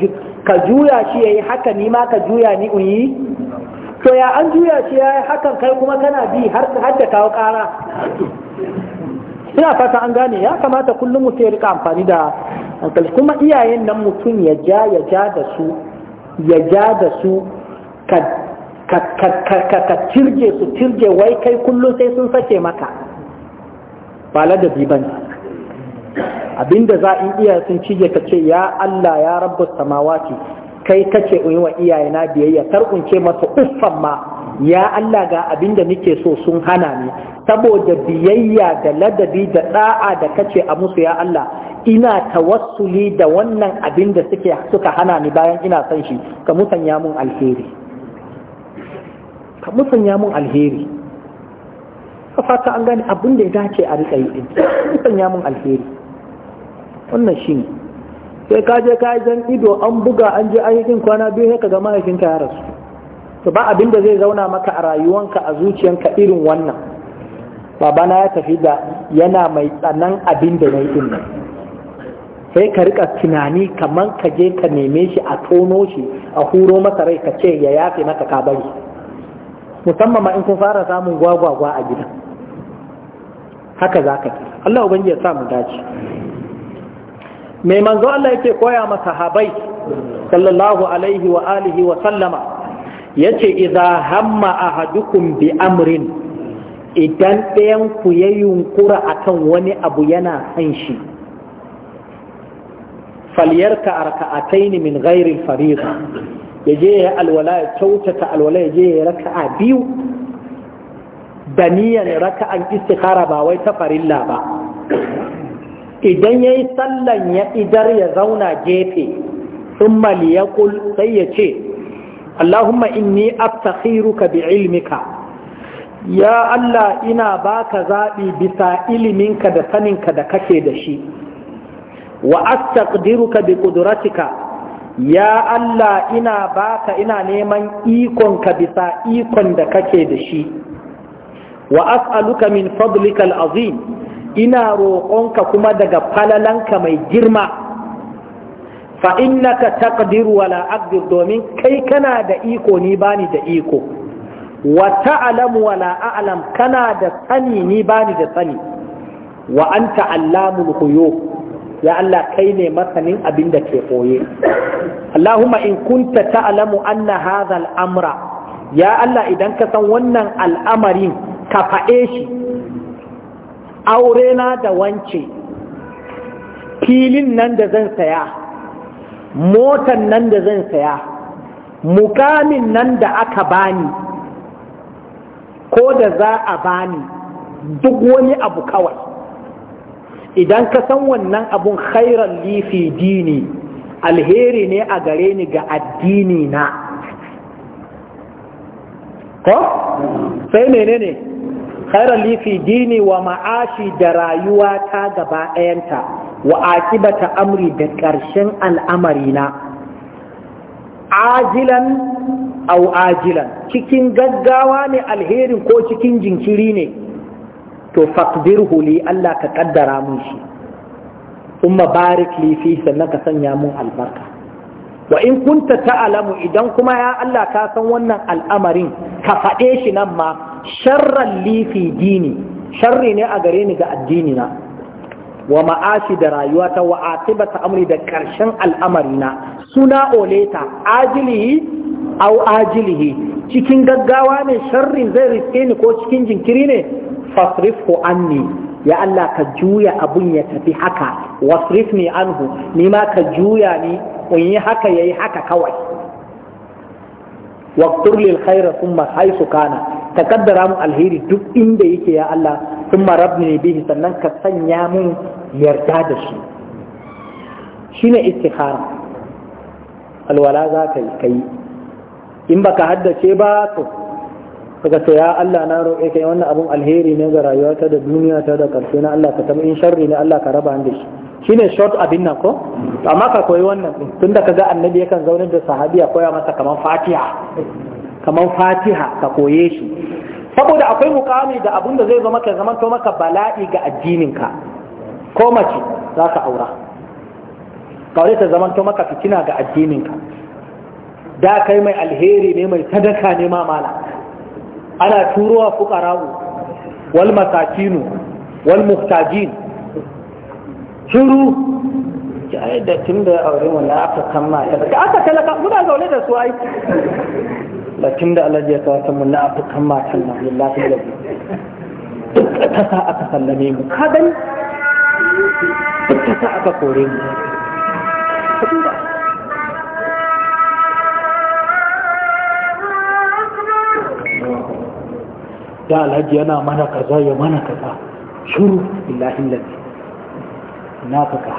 ka juya shi yi haka ni ma ka juya ni in yi to ya an juya shi yi hakan kai kuma kana bi har ka da kawo kara ina fata an gane ya kamata kullum mu sai rika amfani da hankali kuma iyayen nan mutum ya ja ya ja da su ya ja da su ka ka ka ka ka su tirje wai kai kullum sai sun sake maka ba ladabi ba ne abinda za in iya sun cije ka ce ya Allah ya rabu samawati kai kace in wa iyayena biyayya kar in masa uffan ma ya Allah ga abinda nake so sun hana ni saboda biyayya da ladabi da ɗa'a da kace a musu ya Allah ina ta wasuli da wannan abin da suka hana ni bayan ina san shi ka musanya mun ka musanya mun alheri ka an gane abin da ya dace a riƙa yi ɗin san ya mun alheri wannan shi ne sai ka je ka zan ido an buga an je ayyukin kwana biyu sai ka ga mahaifinka ya rasu to ba abin da zai zauna maka a rayuwanka a zuciyanka irin wannan babana ya tafi da yana mai tsanan abin da na yi ɗin nan sai ka rika tunani kamar ka je ka neme shi a tono shi a huro masa rai ka ce ya yafe maka ka bari musamman ma in kun fara samun gwagwagwa a gidan haka za ka ki Allah ubangi ya sa mu dace mai manzo Allah yake koya ma habai sallallahu alaihi wa alihi wa sallama yace idza hamma ahadukum bi amrin idan ɗayan ku ya yunkura akan wani abu yana san shi falyarka arka'ataini min ghairi fariqa yaje ya alwala ya kyautata alwala yaje ya raka'a biyu da niyan raka'an istikhara ba wai ta farilla ba idan yayi sallan ya idar ya zauna gefe ya liyaqul sai ya ce Allahumma inni aftakhiruka bi ilmika ya Allah ina baka zabi bisa iliminka da saninka da kake da shi wa astaqdiruka bi qudratika ya Allah ina baka ina neman ikonka bisa ikon da kake da shi wa as'aluka min fadlikal azim ina roƙonka kuma daga falalanka mai girma fa innaka taqdiru wala aqdir domin kai kana da iko ni bani da iko wa ta'lamu wala a'lam kana da sani ni bani da sani wa anta allamul ghuyub ya Allah kai ne masanin abin da ke koye Allahumma in kunta ta'lamu anna hadha al-amra ya Allah idan ka san wannan al'amarin ka faɗe shi aure na da wance filin nan da zan saya motan nan da zan saya mukamin nan da aka bani ko da za a bani duk wani abu kawai idan ka san wannan abun khairan lifi dini alheri ne a gare ni ga addini na ko sai menene khairan li fi dini wa ma'ashi da rayuwa ta gaba ɗayanta wa akibata amri da ƙarshen al'amarina ajilan au ajilan cikin gaggawa ne alherin ko cikin jinkiri ne to faqdirhu li Allah ka kaddara mun shi umma barik li fi sannan sanya mun albarka wa in kunta ta'lamu idan kuma ya Allah ka san wannan al'amarin ka faɗe shi nan ma sharran li dini sharri ne a gare ni ga addini na wa ma'ashi da ta wa atibata amri da ƙarshen al'amarina. na suna oleta ajilihi au ajilihi cikin gaggawa ne sharrin zai riske ni ko cikin jinkiri ne fasrifu anni ya Allah ka juya abun ya tafi haka wasrif ni anhu ni ma ka juya ni yi haka ya yi haka kawai waktur lil khaira thumma su kana kaddara mu alheri duk inda yake ya Allah thumma rabbini bihi sannan ka sanya mun yarda da shi shine istikhara alwala za ka yi kai in baka haddace ba to kaga to ya Allah na roƙe kai wannan abun alheri ne ga rayuwata da duniya ta da karshe na Allah ka tabbata in sharri ne Allah ka raba ni da shi shine short abin nan ko amma ka koyi wannan tun da kaga annabi yakan zaunar da sahabi ya koya masa kamar fatiha Kamar fatiha ka koye shi saboda akwai mukami da abin da zai zama ka zama to maka bala'i ga addininka ko mace za ka aura kawai ta zama to maka fitina ga addininka da kai mai alheri ne mai sadaka ne ma mala ana turowa fuqara'u wal masakinu wal muhtajin shiru ki ai da tun da aure wannan aka kama ya daga aka talaka muna zaune da su ai da tun da Allah ya kawo mun na aka kama kan nan wallahi da duk ta sa aka sallame mu ka gani duk ta sa aka kore mu da alhaji yana mana kaza ya mana kaza shuru billahi lalli nafuka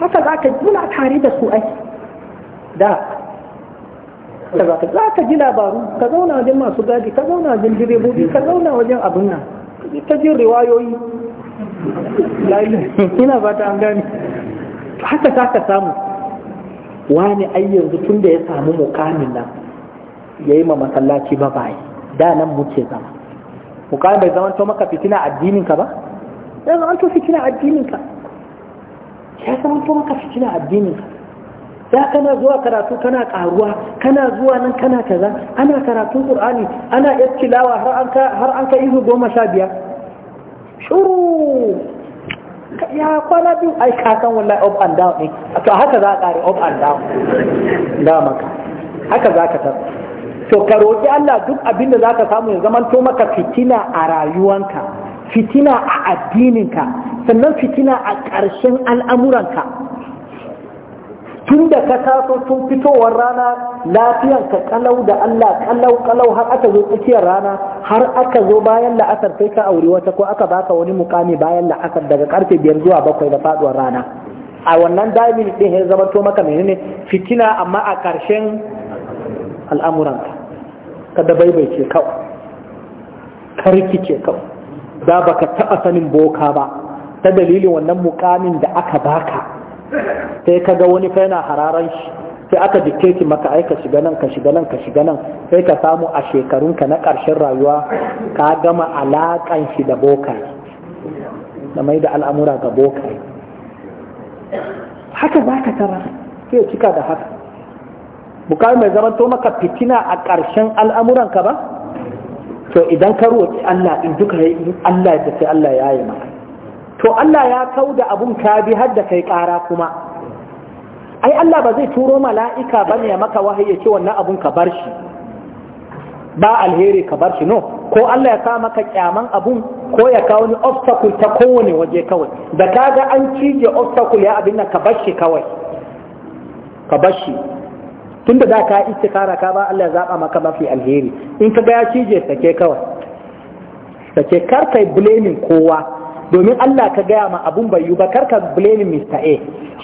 haka za ka muna tare da su ai da za ka ji labaru ka zauna wajen masu gadi ka zauna wajen direbobi ka zauna wajen abin nan ta jin riwayoyi ina ba ta an gani haka za ka samu wani ai yanzu tun da ya samu mukamin nan ya yi ma masallaci ba bayi da nan muke zama mukamin bai zama to maka fitina addininka ba ya zama to fitina addininka ya zama to maka fitina addinin ka kana zuwa karatu kana karuwa kana zuwa nan kana kaza ana karatun qur'ani ana ittilawa har an ka har an ka izu goma sha biyar shuru ya kwana biyu ai ka san wallahi up and down ne to haka za ka kare up and down da maka haka za ka tafi to ka roki Allah duk abin da za ka samu ya zama to maka fitina a rayuwanka fitina a addininka sannan fitina a ƙarshen al'amuranka tun da ka taso tun fitowar rana lafiyan ka kalau da Allah kalau kalau har aka zo tsakiyar rana har aka zo bayan la'asar sai ka aure wata ko aka baka wani mukami bayan la'asar daga karfe biyar zuwa bakwai da faduwar rana a wannan damin din ya zama to maka menene fitina amma a ƙarshen al'amuranka kada ce kawai karkice kawai da baka taɓa sanin boka ba ta dalilin wannan mukamin da aka baka sai ka ga wani fa yana hararan shi sai aka dikteti maka ai ka shiga nan ka shiga nan ka shiga nan sai ka samu a shekarunka na ƙarshen rayuwa ka gama alakan shi da bokai da mai da al'amura ga bokai haka ba ka tara sai cika da haka bukai mai zaman to maka fitina a ƙarshen al'amuranka ba to idan ka roƙi Allah in duka ya yi Allah ya tafi Allah ya yi maka to Allah ya kau da abun ka bi har da kai ƙara kuma ai Allah ba zai turo mala'ika ba ne maka wahayi ya ce wannan abun ka bar shi ba alheri ka bar shi no ko Allah ya sa maka kyaman abun ko ya kawo ni obstacle ta kowane waje kawai da kaga an cije obstacle ya abin nan ka bar shi kawai ka bar shi tunda da ka istikara ka ba Allah ya zaba maka mafi alheri in ka ga ya cije sake kawai sake kar kai blaming kowa domin Allah ka gaya ma abun bai yi ba kar ka blame Mr. A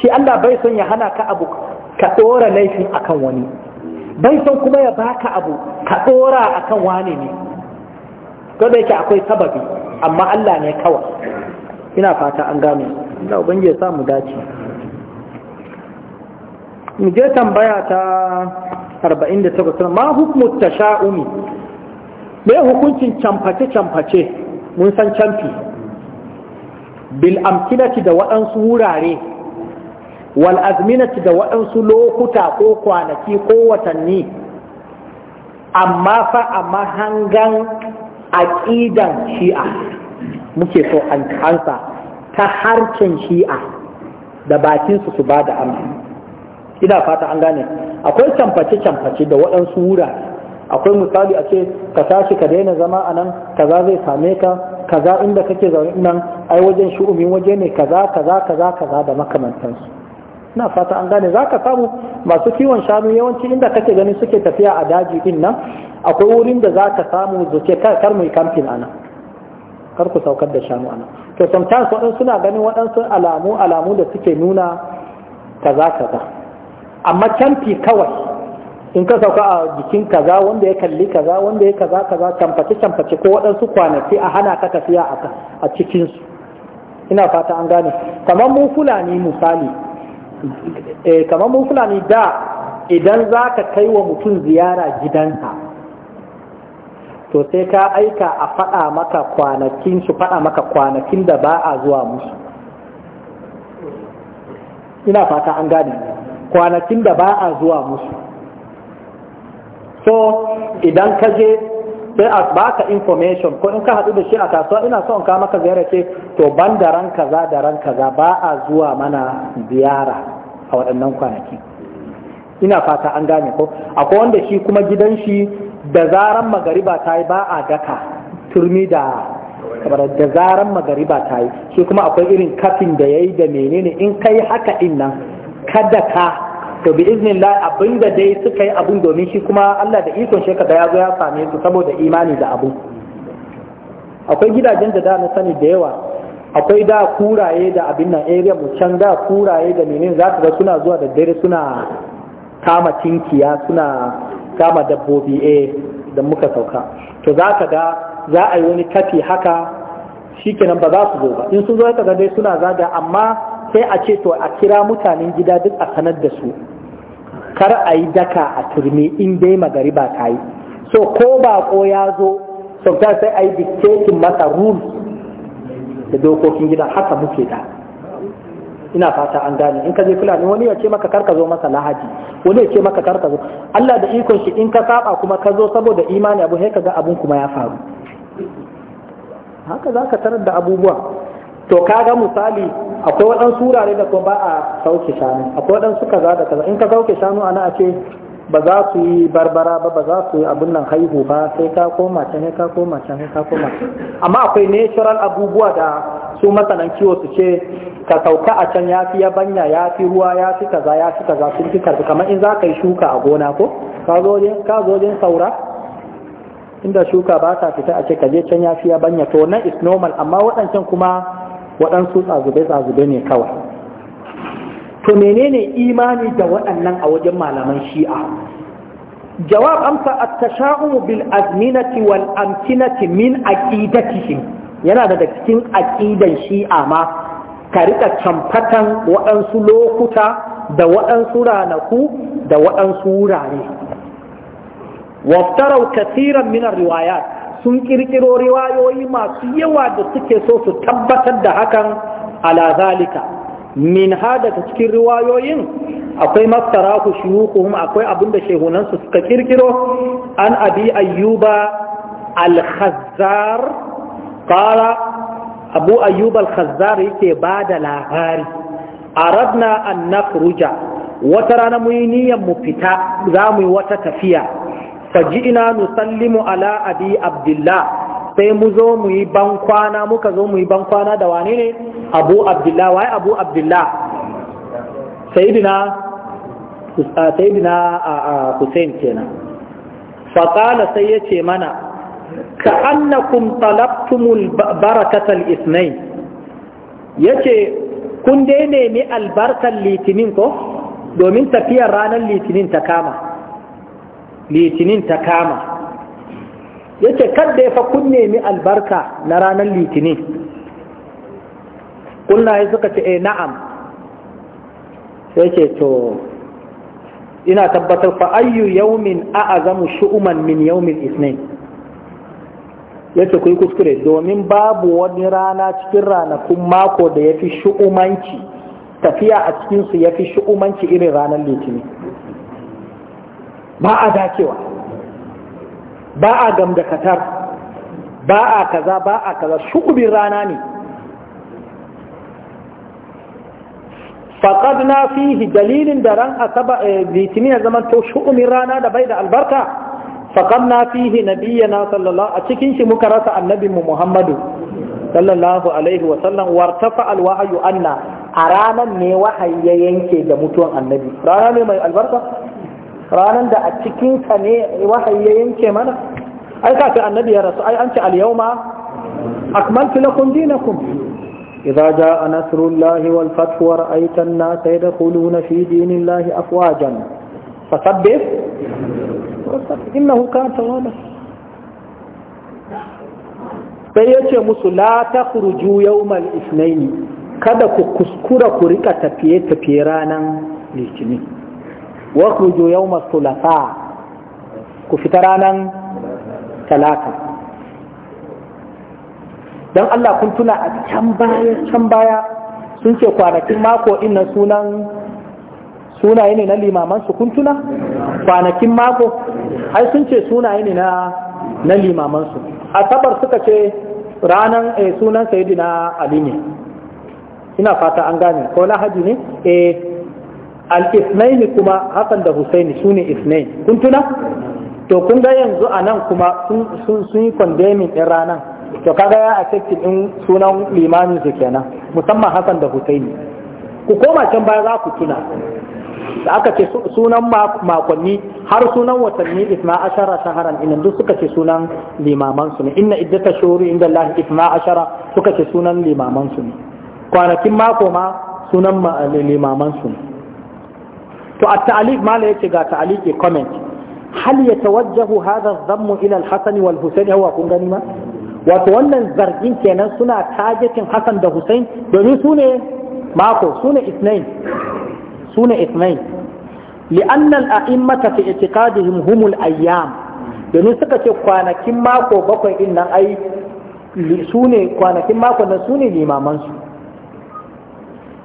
shi Allah bai son ya hana ka abu ka tsora laifin akan wani bai son kuma ya baka abu ka tsora akan wani ne ko da yake akwai sababi amma Allah ne kawai ina fata an gane Allah ubangiji ya sa mu dace mu je tambaya ta 48 ma hukmu tasha'umi me hukuncin camface camface mun san camfi bil amkinati da waɗansu wurare wal azminati da waɗansu lokuta ko kwanaki ko watanni amma fa a mahangan aƙidan shi'a muke so an kansa ta harcin shi'a da bakinsu su ba da amsa ina fata an gane akwai camface-camface da waɗansu wurare akwai misali a ce ka tashi ka daina zama a nan kaza zai same ka kaza inda kake zaune nan ai wajen shu'umin waje ne kaza kaza kaza kaza da makamantansu na fata an gane zaka samu masu kiwon shanu yawanci inda kake gani suke tafiya a daji din nan akwai wurin da zaka samu zuke kar mu kamfin ana kar ku saukar da shanu ana to sometimes waɗansu suna ganin waɗansu alamu alamu da suke nuna kaza kaza amma camfi kawai in ka sauka a jikin kaza wanda ya kalli kaza wanda ya kaza kaza tamfaci tamfaci ko waɗansu kwanaki a hana ka tafiya a cikinsu ina fata an gane kamar mu fulani misali eh, kamar mu fulani da idan za ka kai wa mutum ziyara gidansa to sai ka aika a faɗa maka kwanakin su faɗa maka kwanakin da ba a zuwa musu ina fata an gane kwanakin da ba a zuwa musu so idan ka je sai a baka information ko in ka haɗu da shi a kasuwa ina son in ka maka ziyara ce to ban da ran kaza da ran kaza ba a zuwa mana ziyara a waɗannan kwanaki ina fata an gane ko akwai wanda shi kuma gidan shi da zaran magariba ta yi ba a daka turmi da da zaran magariba ta yi shi kuma akwai irin kafin da ya yi da menene in ka yi haka in nan kada ka to bi iznillah abinda dai suka yi abun domin shi kuma Allah da ikon shi ya zo ya same su saboda imani da abu akwai gidajen da da na sani da yawa akwai da kuraye da abin nan area mu can da kuraye da menene za ka ga suna zuwa da dare suna kama tinkiya suna kama dabbobi eh da muka sauka to za ka ga za a yi wani kafi haka shikenan ba za su zo ba in sun zo ka ga dai suna zaga amma sai a ce to a kira mutanen gida duk a sanar da su kar a yi daka a turmi in dai ba ta yi so ko bako ya zo sauta sai a yi dictating masa rules da dokokin gida haka muke da ina fata an gane in ka je ne wani ya ce maka karka zo masa lahadi wani ya ce maka karka zo Allah da ikon shi in ka saba kuma ka zo saboda imani abu sai kaga abun kuma ya faru haka zaka tarar da abubuwa to kaga misali akwai waɗansu wurare da kuma ba a sauke shanu akwai waɗansu kaza da kaza in ka sauke shanu ana a ce ba za su yi barbara ba ba za su yi abin nan haihu ba sai ka koma can sai ka koma can sai ka koma amma akwai natural abubuwa da su masanan kiwo su ce ka sauka a can ya fi yabanya ya fi ruwa ya fi kaza ya fi kaza sun fi karfi kamar in za ka yi shuka a gona ko ka zo wajen saura inda shuka ba ta fita a ce ka je can ya fi yabanya to na is normal amma waɗancan kuma waɗansu tsazube-tsazube ne kawai to menene imani da waɗannan a wajen malaman shi'a jawab amsa at-tasha'um bil azminati wal amkinati min aqidatihim yana daga cikin aqidan shi'a ma ka rika camfatan waɗansu lokuta da waɗansu ranaku da waɗansu wurare waftarau kasiran minar riwayat sun ƙirƙiro riwayoyi masu yawa da suke so su tabbatar da hakan ala zalika min daga cikin riwayoyin akwai maftara ku shuyukuhum akwai abin da shehunansu suka ƙirƙiro? an abi ayyuba al-khazzar qala abu ayyuba al-khazzar yake bada labari aradna an nakhruja wata rana mu yi niyyar mu fita za mu yi wata tafiya faji'ina nusallimu ala abi abdullah sai mu zo mu yi bankwana muka zo mu yi bankwana da wane ne abu abdullah waye abu abdullah sayyidina uh, sayyidina uh, uh, Hussein kenan qala sai yace mana ka annakum talabtumul barakatal ithnay yace kun dai nemi albarkar litinin ko domin tafiyar ranar litinin ta kama litinin ta kama yace kadda ya fa kunne nemi albarka na ranar litinin ya suka ce eh na'am sai ce to ina tabbatar fa ayyu yawmin a'azamu shu'uman min yawmil ithnain yace ku kuskure domin babu wani rana cikin ranakun mako da yafi shu'umanci tafiya a cikin su yafi shu'umanci irin ranar litinin ba a dakewa, ba a gamdakatar ba a kaza ba a kaza shukubin rana ne faƙad na fihi dalilin da ran asaba eh, litinin ya zama to shukumin rana da bai da albarka faƙad na fihi nabiya na sallallahu a cikin shi muka rasa mu muhammadu sallallahu alaihi wasallam wartafa alwahayu anna a ranan ne wahayi ya yanke da mutuwan annabi rana ne mai albarka ranar da a cikin ka ne wahayi ya yanke mana ai kafin annabi ya rasu ai an ce al-yawma akmaltu lakum dinakum idza jaa nasrullahi wal fath wa ra'aita an-nasa yadkhuluna fi dinillahi afwajan fasabbih innahu kana tawwaba sai yace musu la takhruju yawmal ithnaini kada ku kuskura ku rika tafiye tafiye ranan litinin wa khuju yawma thulatha ku fita ranan talata don Allah kun tuna a can baya can baya sun ce kwanakin mako din nan sunan sunaye ne na limaman su kun tuna kwanakin mako ai sun ce sunaye ne na na limaman su asabar suka ce ranan eh, sunan sayyidina ali ne ina fata an gane ko lahaji ne eh al-isnaini kuma hakan da husaini sune isnain kun tuna to kun ga yanzu a nan kuma sun yi condemning ɗin ranar to kaga ya affected ɗin sunan limamin su kenan musamman Hassan da husaini ku koma can baya za ku tuna da aka ce sunan makonni har sunan watanni isma ashara shaharan inan duk suka ce sunan limaman su ne inna iddata shuru inda Allah isma ashara suka ce sunan limaman su ne kwanakin mako ma sunan limaman su ne to a ta'aliq mala yace ga ta'aliqi comment hal yatawajjahu hadha adh-dhamm ila al-hasan wal husayn huwa kun gani ma wato wannan zargin kenan suna tagetin hasan da husayn domin su ne mako su ne isnain su ne isnain li'anna al-a'immata fi i'tiqadihim humul ayyam domin suka ce kwanakin mako bakwai din nan ai su ne kwanakin mako na su ne limamansu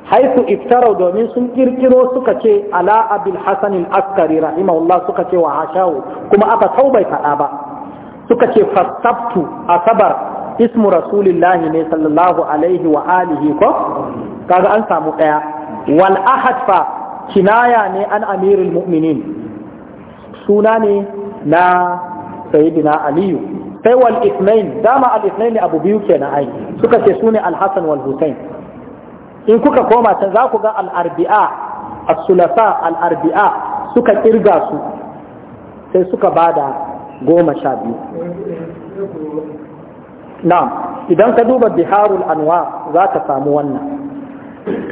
haisu iftarau domin sun kirkiro suka ce ala abil hasan al-askari rahimahullah suka ce wa hashahu kuma aka taubai faɗa ba suka ce fastabtu asabar ismu rasulillahi ne sallallahu alaihi wa alihi ko kaga an samu ɗaya wal ahad fa kinaya ne an amirul mu'minin suna ne na sayyidina aliyu sai wal ithnain dama al ithnain abu biyu kenan ai suka ce sune al hasan wal husain in kuka koma can za ku ga al'arbi'a a sulafa al'arbi'a suka kirga su sai suka ba da goma sha biyu na'am idan ka duba biharul anwa za ka samu wannan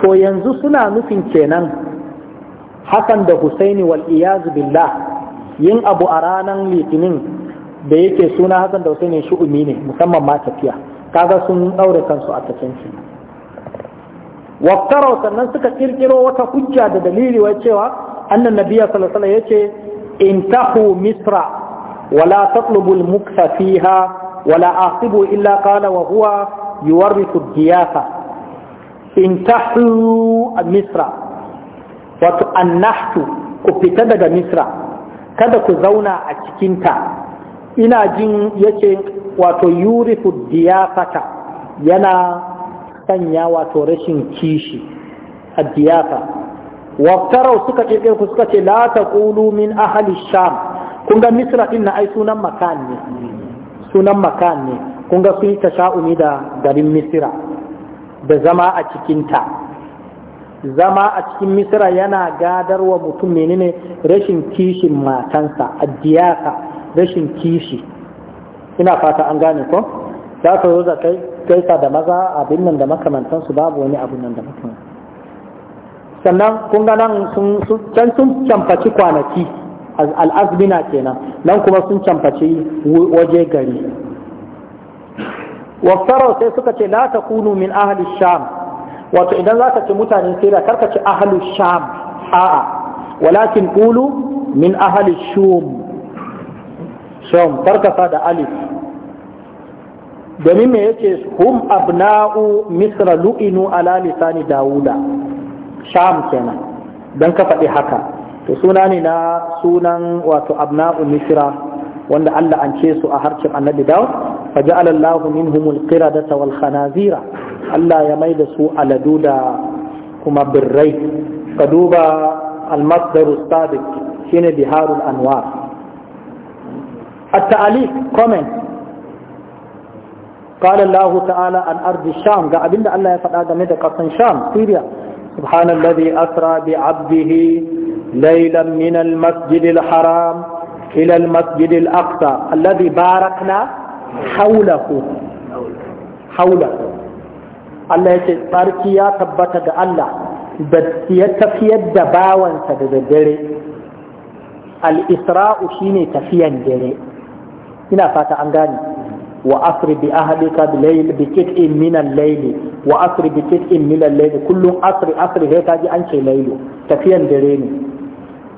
to yanzu suna nufin kenan Hassan da Hussaini wal iyazu billah yin abu a ranar litinin da yake suna Hassan da husaini shi'umi ne musamman ma tafiya kaga sun daure kansu a tafiyanci waftarau sannan suka kirkiro wata hujja da dalili wai cewa annan nabiya sallallahu alaihi yace intahu misra wala tatlubu al-muksa fiha wala asibu illa qala wa huwa yuwarrithu diyafa intahu misra wato annahtu ku fita daga misra kada ku zauna a cikinta ina jin yace wato yurifu diyafata yana sanya wato rashin kishi diyafa waftarau suka ce suka ce la ƙulu min ahli sham kun ga misra ɗin na ai sunan makan ne sunan makan ne kun ga sun ta sha'umi da garin misra da zama a cikinta, zama a cikin misra yana gadar wa mutum menene rashin kishin matansa diyafa rashin kishi ina fata an gane ko za ka zo da kai gaisa da maza abin nan da su babu wani abin nan da makamantan sannan kun ga nan can sun camfaci kwanaki al'azmina kenan nan kuma sun camfaci waje gari wasarau sai suka ce la ta kunu min ahli sham wato idan za ka ci mutanen siriya karka ci ahli sham a'a walakin kulu min ahli shum shum karka da alif domin me yake hum abna'u misra lu'inu ala lisani dawuda sham kenan don ka faɗi haka to suna ne na sunan wato abna'u misra wanda Allah an ce su a harshen annabi dawud fa alallahu Allah minhumul qiradata wal khanazira Allah ya maida su aladu da kuma birrai ka duba almasdaru sadiq shine biharul anwar at-ta'alif comment قال الله تعالى عن أرض الشام قال أبن الله يفعل آدم قصن شام سوريا سبحان الذي أسرى بعبده ليلا من المسجد الحرام إلى المسجد الأقصى الذي باركنا حوله حوله Allah ya ce tsarki ya tabbata da Allah da ya tafiyar da bawansa da daddare al-isra'u shine tafiyan dare ina fata an gane وأسر بأهلك بليل بكتء من الليل وأسر بكتء من الليل كل أسر أسر هيك أجي أنشي ليل تفيا دريني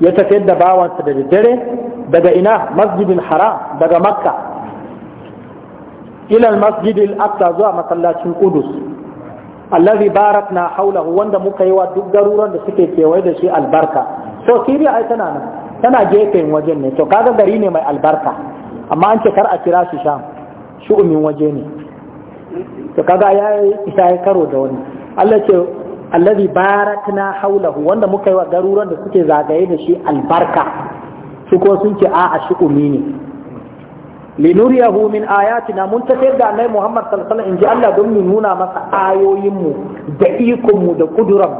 يتفيد باوان سدر دري بدا إنا مسجد الحرام بدا مكة إلى المسجد الأقصى زوا مسلاة القدس الذي باركنا حوله وند مكيوا دقرورا لسكي كيويد شيء البركة سو سيريا أي تنانا تنا جيكين وجنة تو كذا دريني ما البركة أما أنت كرأة كراشي شام shugumin waje ne to kaga ya isa ya karo da wani Allah ce allazi barakna haulahu wanda muka yi wa garuruwan da suke zagaye da shi albarka su ko sun ce a'a shugumi ne linuriyahu min ayatina mun tafiyar da annabi Muhammad sallallahu alaihi wasallam inji Allah don mu nuna masa ayoyin mu da ikon mu da kuduran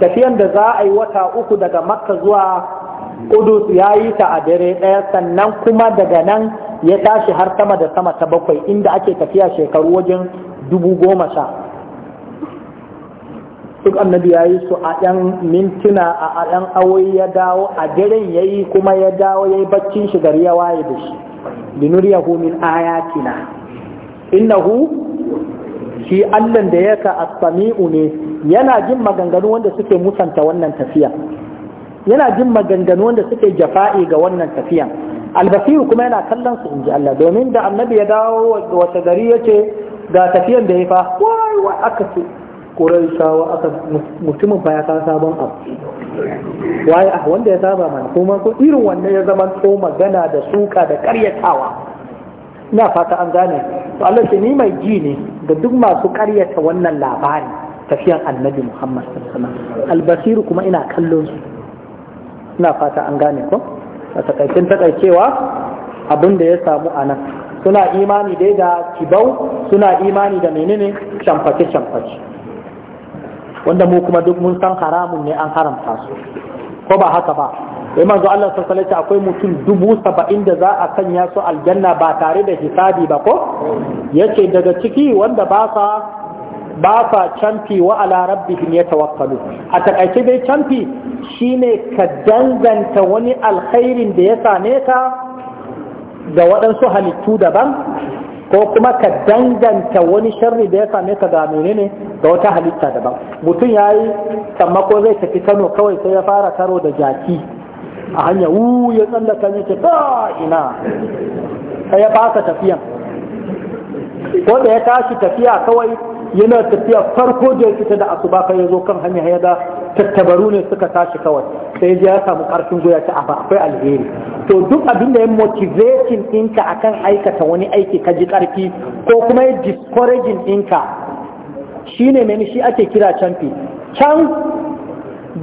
tafiyan da za a yi wata uku daga Makka zuwa Qudus yayi ta a dare daya sannan kuma daga nan ya tashi har sama da sama ta bakwai inda ake tafiya shekaru wajen dubu goma sha duk annabi ya yi su a ɗan mintuna a ɗan awoyi ya dawo a daren ya yi kuma ya dawo ya yi baccin shi gari ya waye da shi hu min ayatina innahu shi allan da yaka as-sami'u ne yana jin maganganu wanda suke musanta wannan tafiya yana jin maganganu wanda suke jafa'i ga wannan tafiyan albasiru kuma yana kallon su inji Allah domin da annabi ya dawo wata gari ya ce ga tafiyan da ya fa wai wa aka ce ƙuraishawa aka mutumin fa ya san sabon abu wai a ah, wanda ya saba mana kuma ko irin wanne ya zama to magana da suka da karyatawa ina fata an gane to Allah ce ni mai ji ne da duk masu karyata wannan labari tafiyan annabi Muhammad sallallahu alaihi wasallam albasiru kuma ina kallon su ina fata an gane ko a takaicin takaicewa abin da ya samu a nan suna imani dai da kibau suna imani da menene shamfaci shamfaci wanda mu kuma duk mun san haramun ne an haramta su ko ba haka ba sai manzo Allah sallallahu alaihi akwai mutum dubu saba'in da za a sanya su aljanna ba tare da hisabi ba ko yace daga ciki wanda ba sa ba sa canfi wa ala rabbihim yatawakkalu a takaice dai canfi shine ka danganta wani alkhairin da ya same ka ga waɗansu halittu daban ko kuma ka danganta wani sharri da ya same ka ga menene ga wata halitta daban mutum ya yi ko zai tafi kano kawai sai ya fara karo da jaki a hanya wu ya tsallaka ya ce ina sai ya fasa tafiyan ko da ya tashi tafiya kawai yana tafiya farko da ya fita da asuba fa ya zo kan hanya ya da tattabaru ne suka tashi kawai sai ya samu karfin goya ta afa akwai alheri to duk abin da ya motivating ɗinka akan aikata wani aiki ka ji karfi ko kuma ya discouraging ɗinka shine ne shi ake kira champi can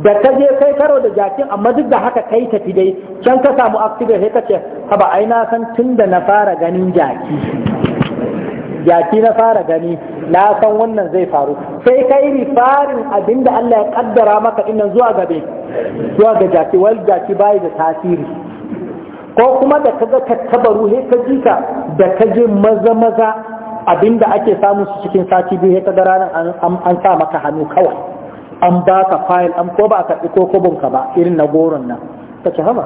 da ka je kai karo da jakin amma duk da haka kai tafi dai can ka samu accident sai ka ce haba ai na san tun da na fara ganin jaki jaki na fara gani na san wannan zai faru sai ka yi farin abinda Allah ya kaddara maka innan zuwa gabe zuwa ga jaki wal jaki bai da tasiri ko kuma da kaga ka tabaru he ka jika da ka je maza maza abinda ake samun su cikin sati biyu he ka ga ranar an sa maka hannu kawai an baka fayil an ko ba a ɗi ko ka ba irin na goron nan ka ci haba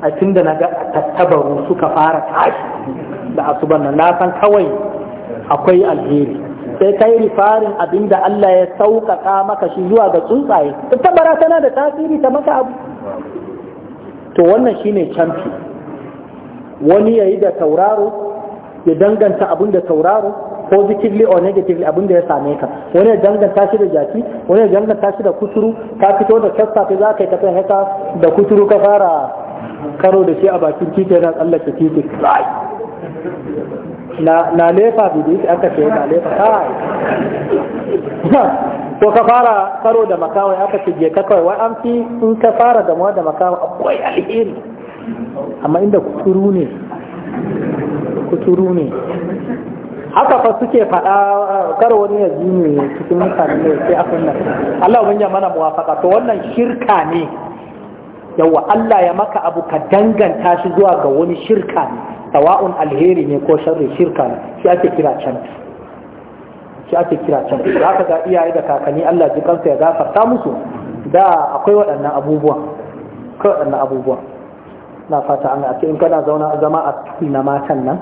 a tun na ga tattabaru suka fara tashi da asuban nan na san kawai akwai alheri sai kai rifarin abinda Allah ya sauƙaƙa maka shi zuwa ga tsuntsaye ta bara tana da tasiri ta maka abu to wannan shine canfi wani ya yi da tauraro ya danganta abin da tauraro positively or negatively abin da ya same ka wani ya danganta shi da jaki wani ya danganta shi da kuturu ka fito da sassafe za ka yi tafiya haka da kuturu ka fara karo da shi a bakin titi yana tsallake titi Na lefa bidi aka ce na lefa kai ko ka fara karo da makawai aka ce je kawai wai an fi in ka fara gamuwa da makawai akwai alheri amma inda kuturu ne kuturu ne haka fa suke faɗa karo wani ya ne cikin mutane ne sai a sunna Allah ubangiji mana muwafaka to wannan shirka ne yawa Allah ya maka abu ka danganta shi zuwa ga wani shirka ne tawa'un alheri ne ko sharri shirka ne shi ake kira can shi ake kira can za ka ga iyaye da kakanni Allah ji kansa ya gafarta musu da akwai waɗannan abubuwa kai waɗannan abubuwa na fata an ake in kana zauna zama a cikin na matan nan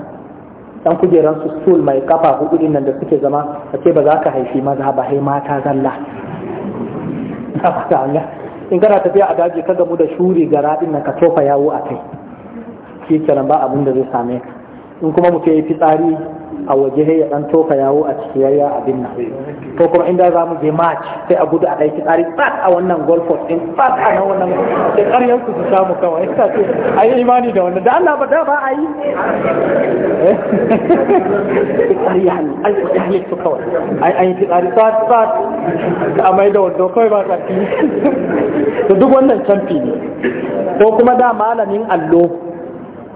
dan kujeran su stool mai kafa hudu din nan da suke zama a ce ba za ka haifi maza ba hai mata zalla na fata an in kana tafiya a daji ka gamu da shuri ga raɗin nan ka tofa yawo a kai shi kenan ba abin da zai same ka in kuma mutum ya yi tsari. a waje ya dan toka yawo a ciki yayya abin nan ko kuma inda za mu je match sai a gudu a ɗauki tsari tsat a wannan golf course din tsat a nan wannan da ƙaryar su su samu kawai ita ce a yi imani da wannan da Allah ba da ba a yi eh? ƙarya an ƙarya su kawai an yi tsari tsat tsat a mai da wando kawai ba ka to duk wannan canfi ne ko kuma da malamin allo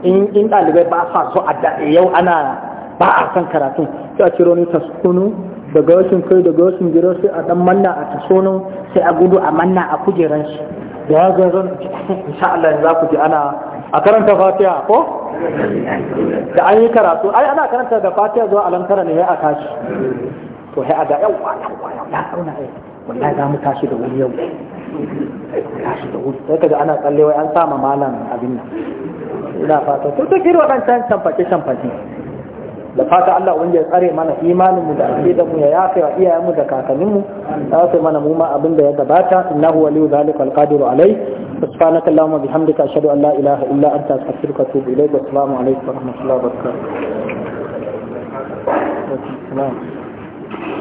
in ɗalibai ba sa so a yau ana ba a san karatun sai a ciro ni taskunu daga rashin kai daga rashin gidan sai a dan manna a tasonin sai a gudu a manna a kujeran shi da ya ga zan insha Allah za ku ji ana a karanta fatiha ko da an yi karatu ai ana karanta da fatiha zuwa alantara ne ya a tashi to sai a ga yau wa ya sauna ai wallahi za mu tashi da wuri yau tashi da wuri sai kaga ana tsalle wai an sama malam abin nan ina fata to take irin waɗancan shamfake shamfake da fata Allah wani ya tsare mana imanin mu da aqidar mu ya yafe wa iyayen mu da kakannin mu ya yafe mana mu ma abin da ya gabata innahu waliyu zalika alqadiru alai subhanaka allahumma bihamdika ashhadu an la ilaha illa anta astaghfiruka wa atubu ilaik wa assalamu alaikum wa rahmatullahi wa barakatuh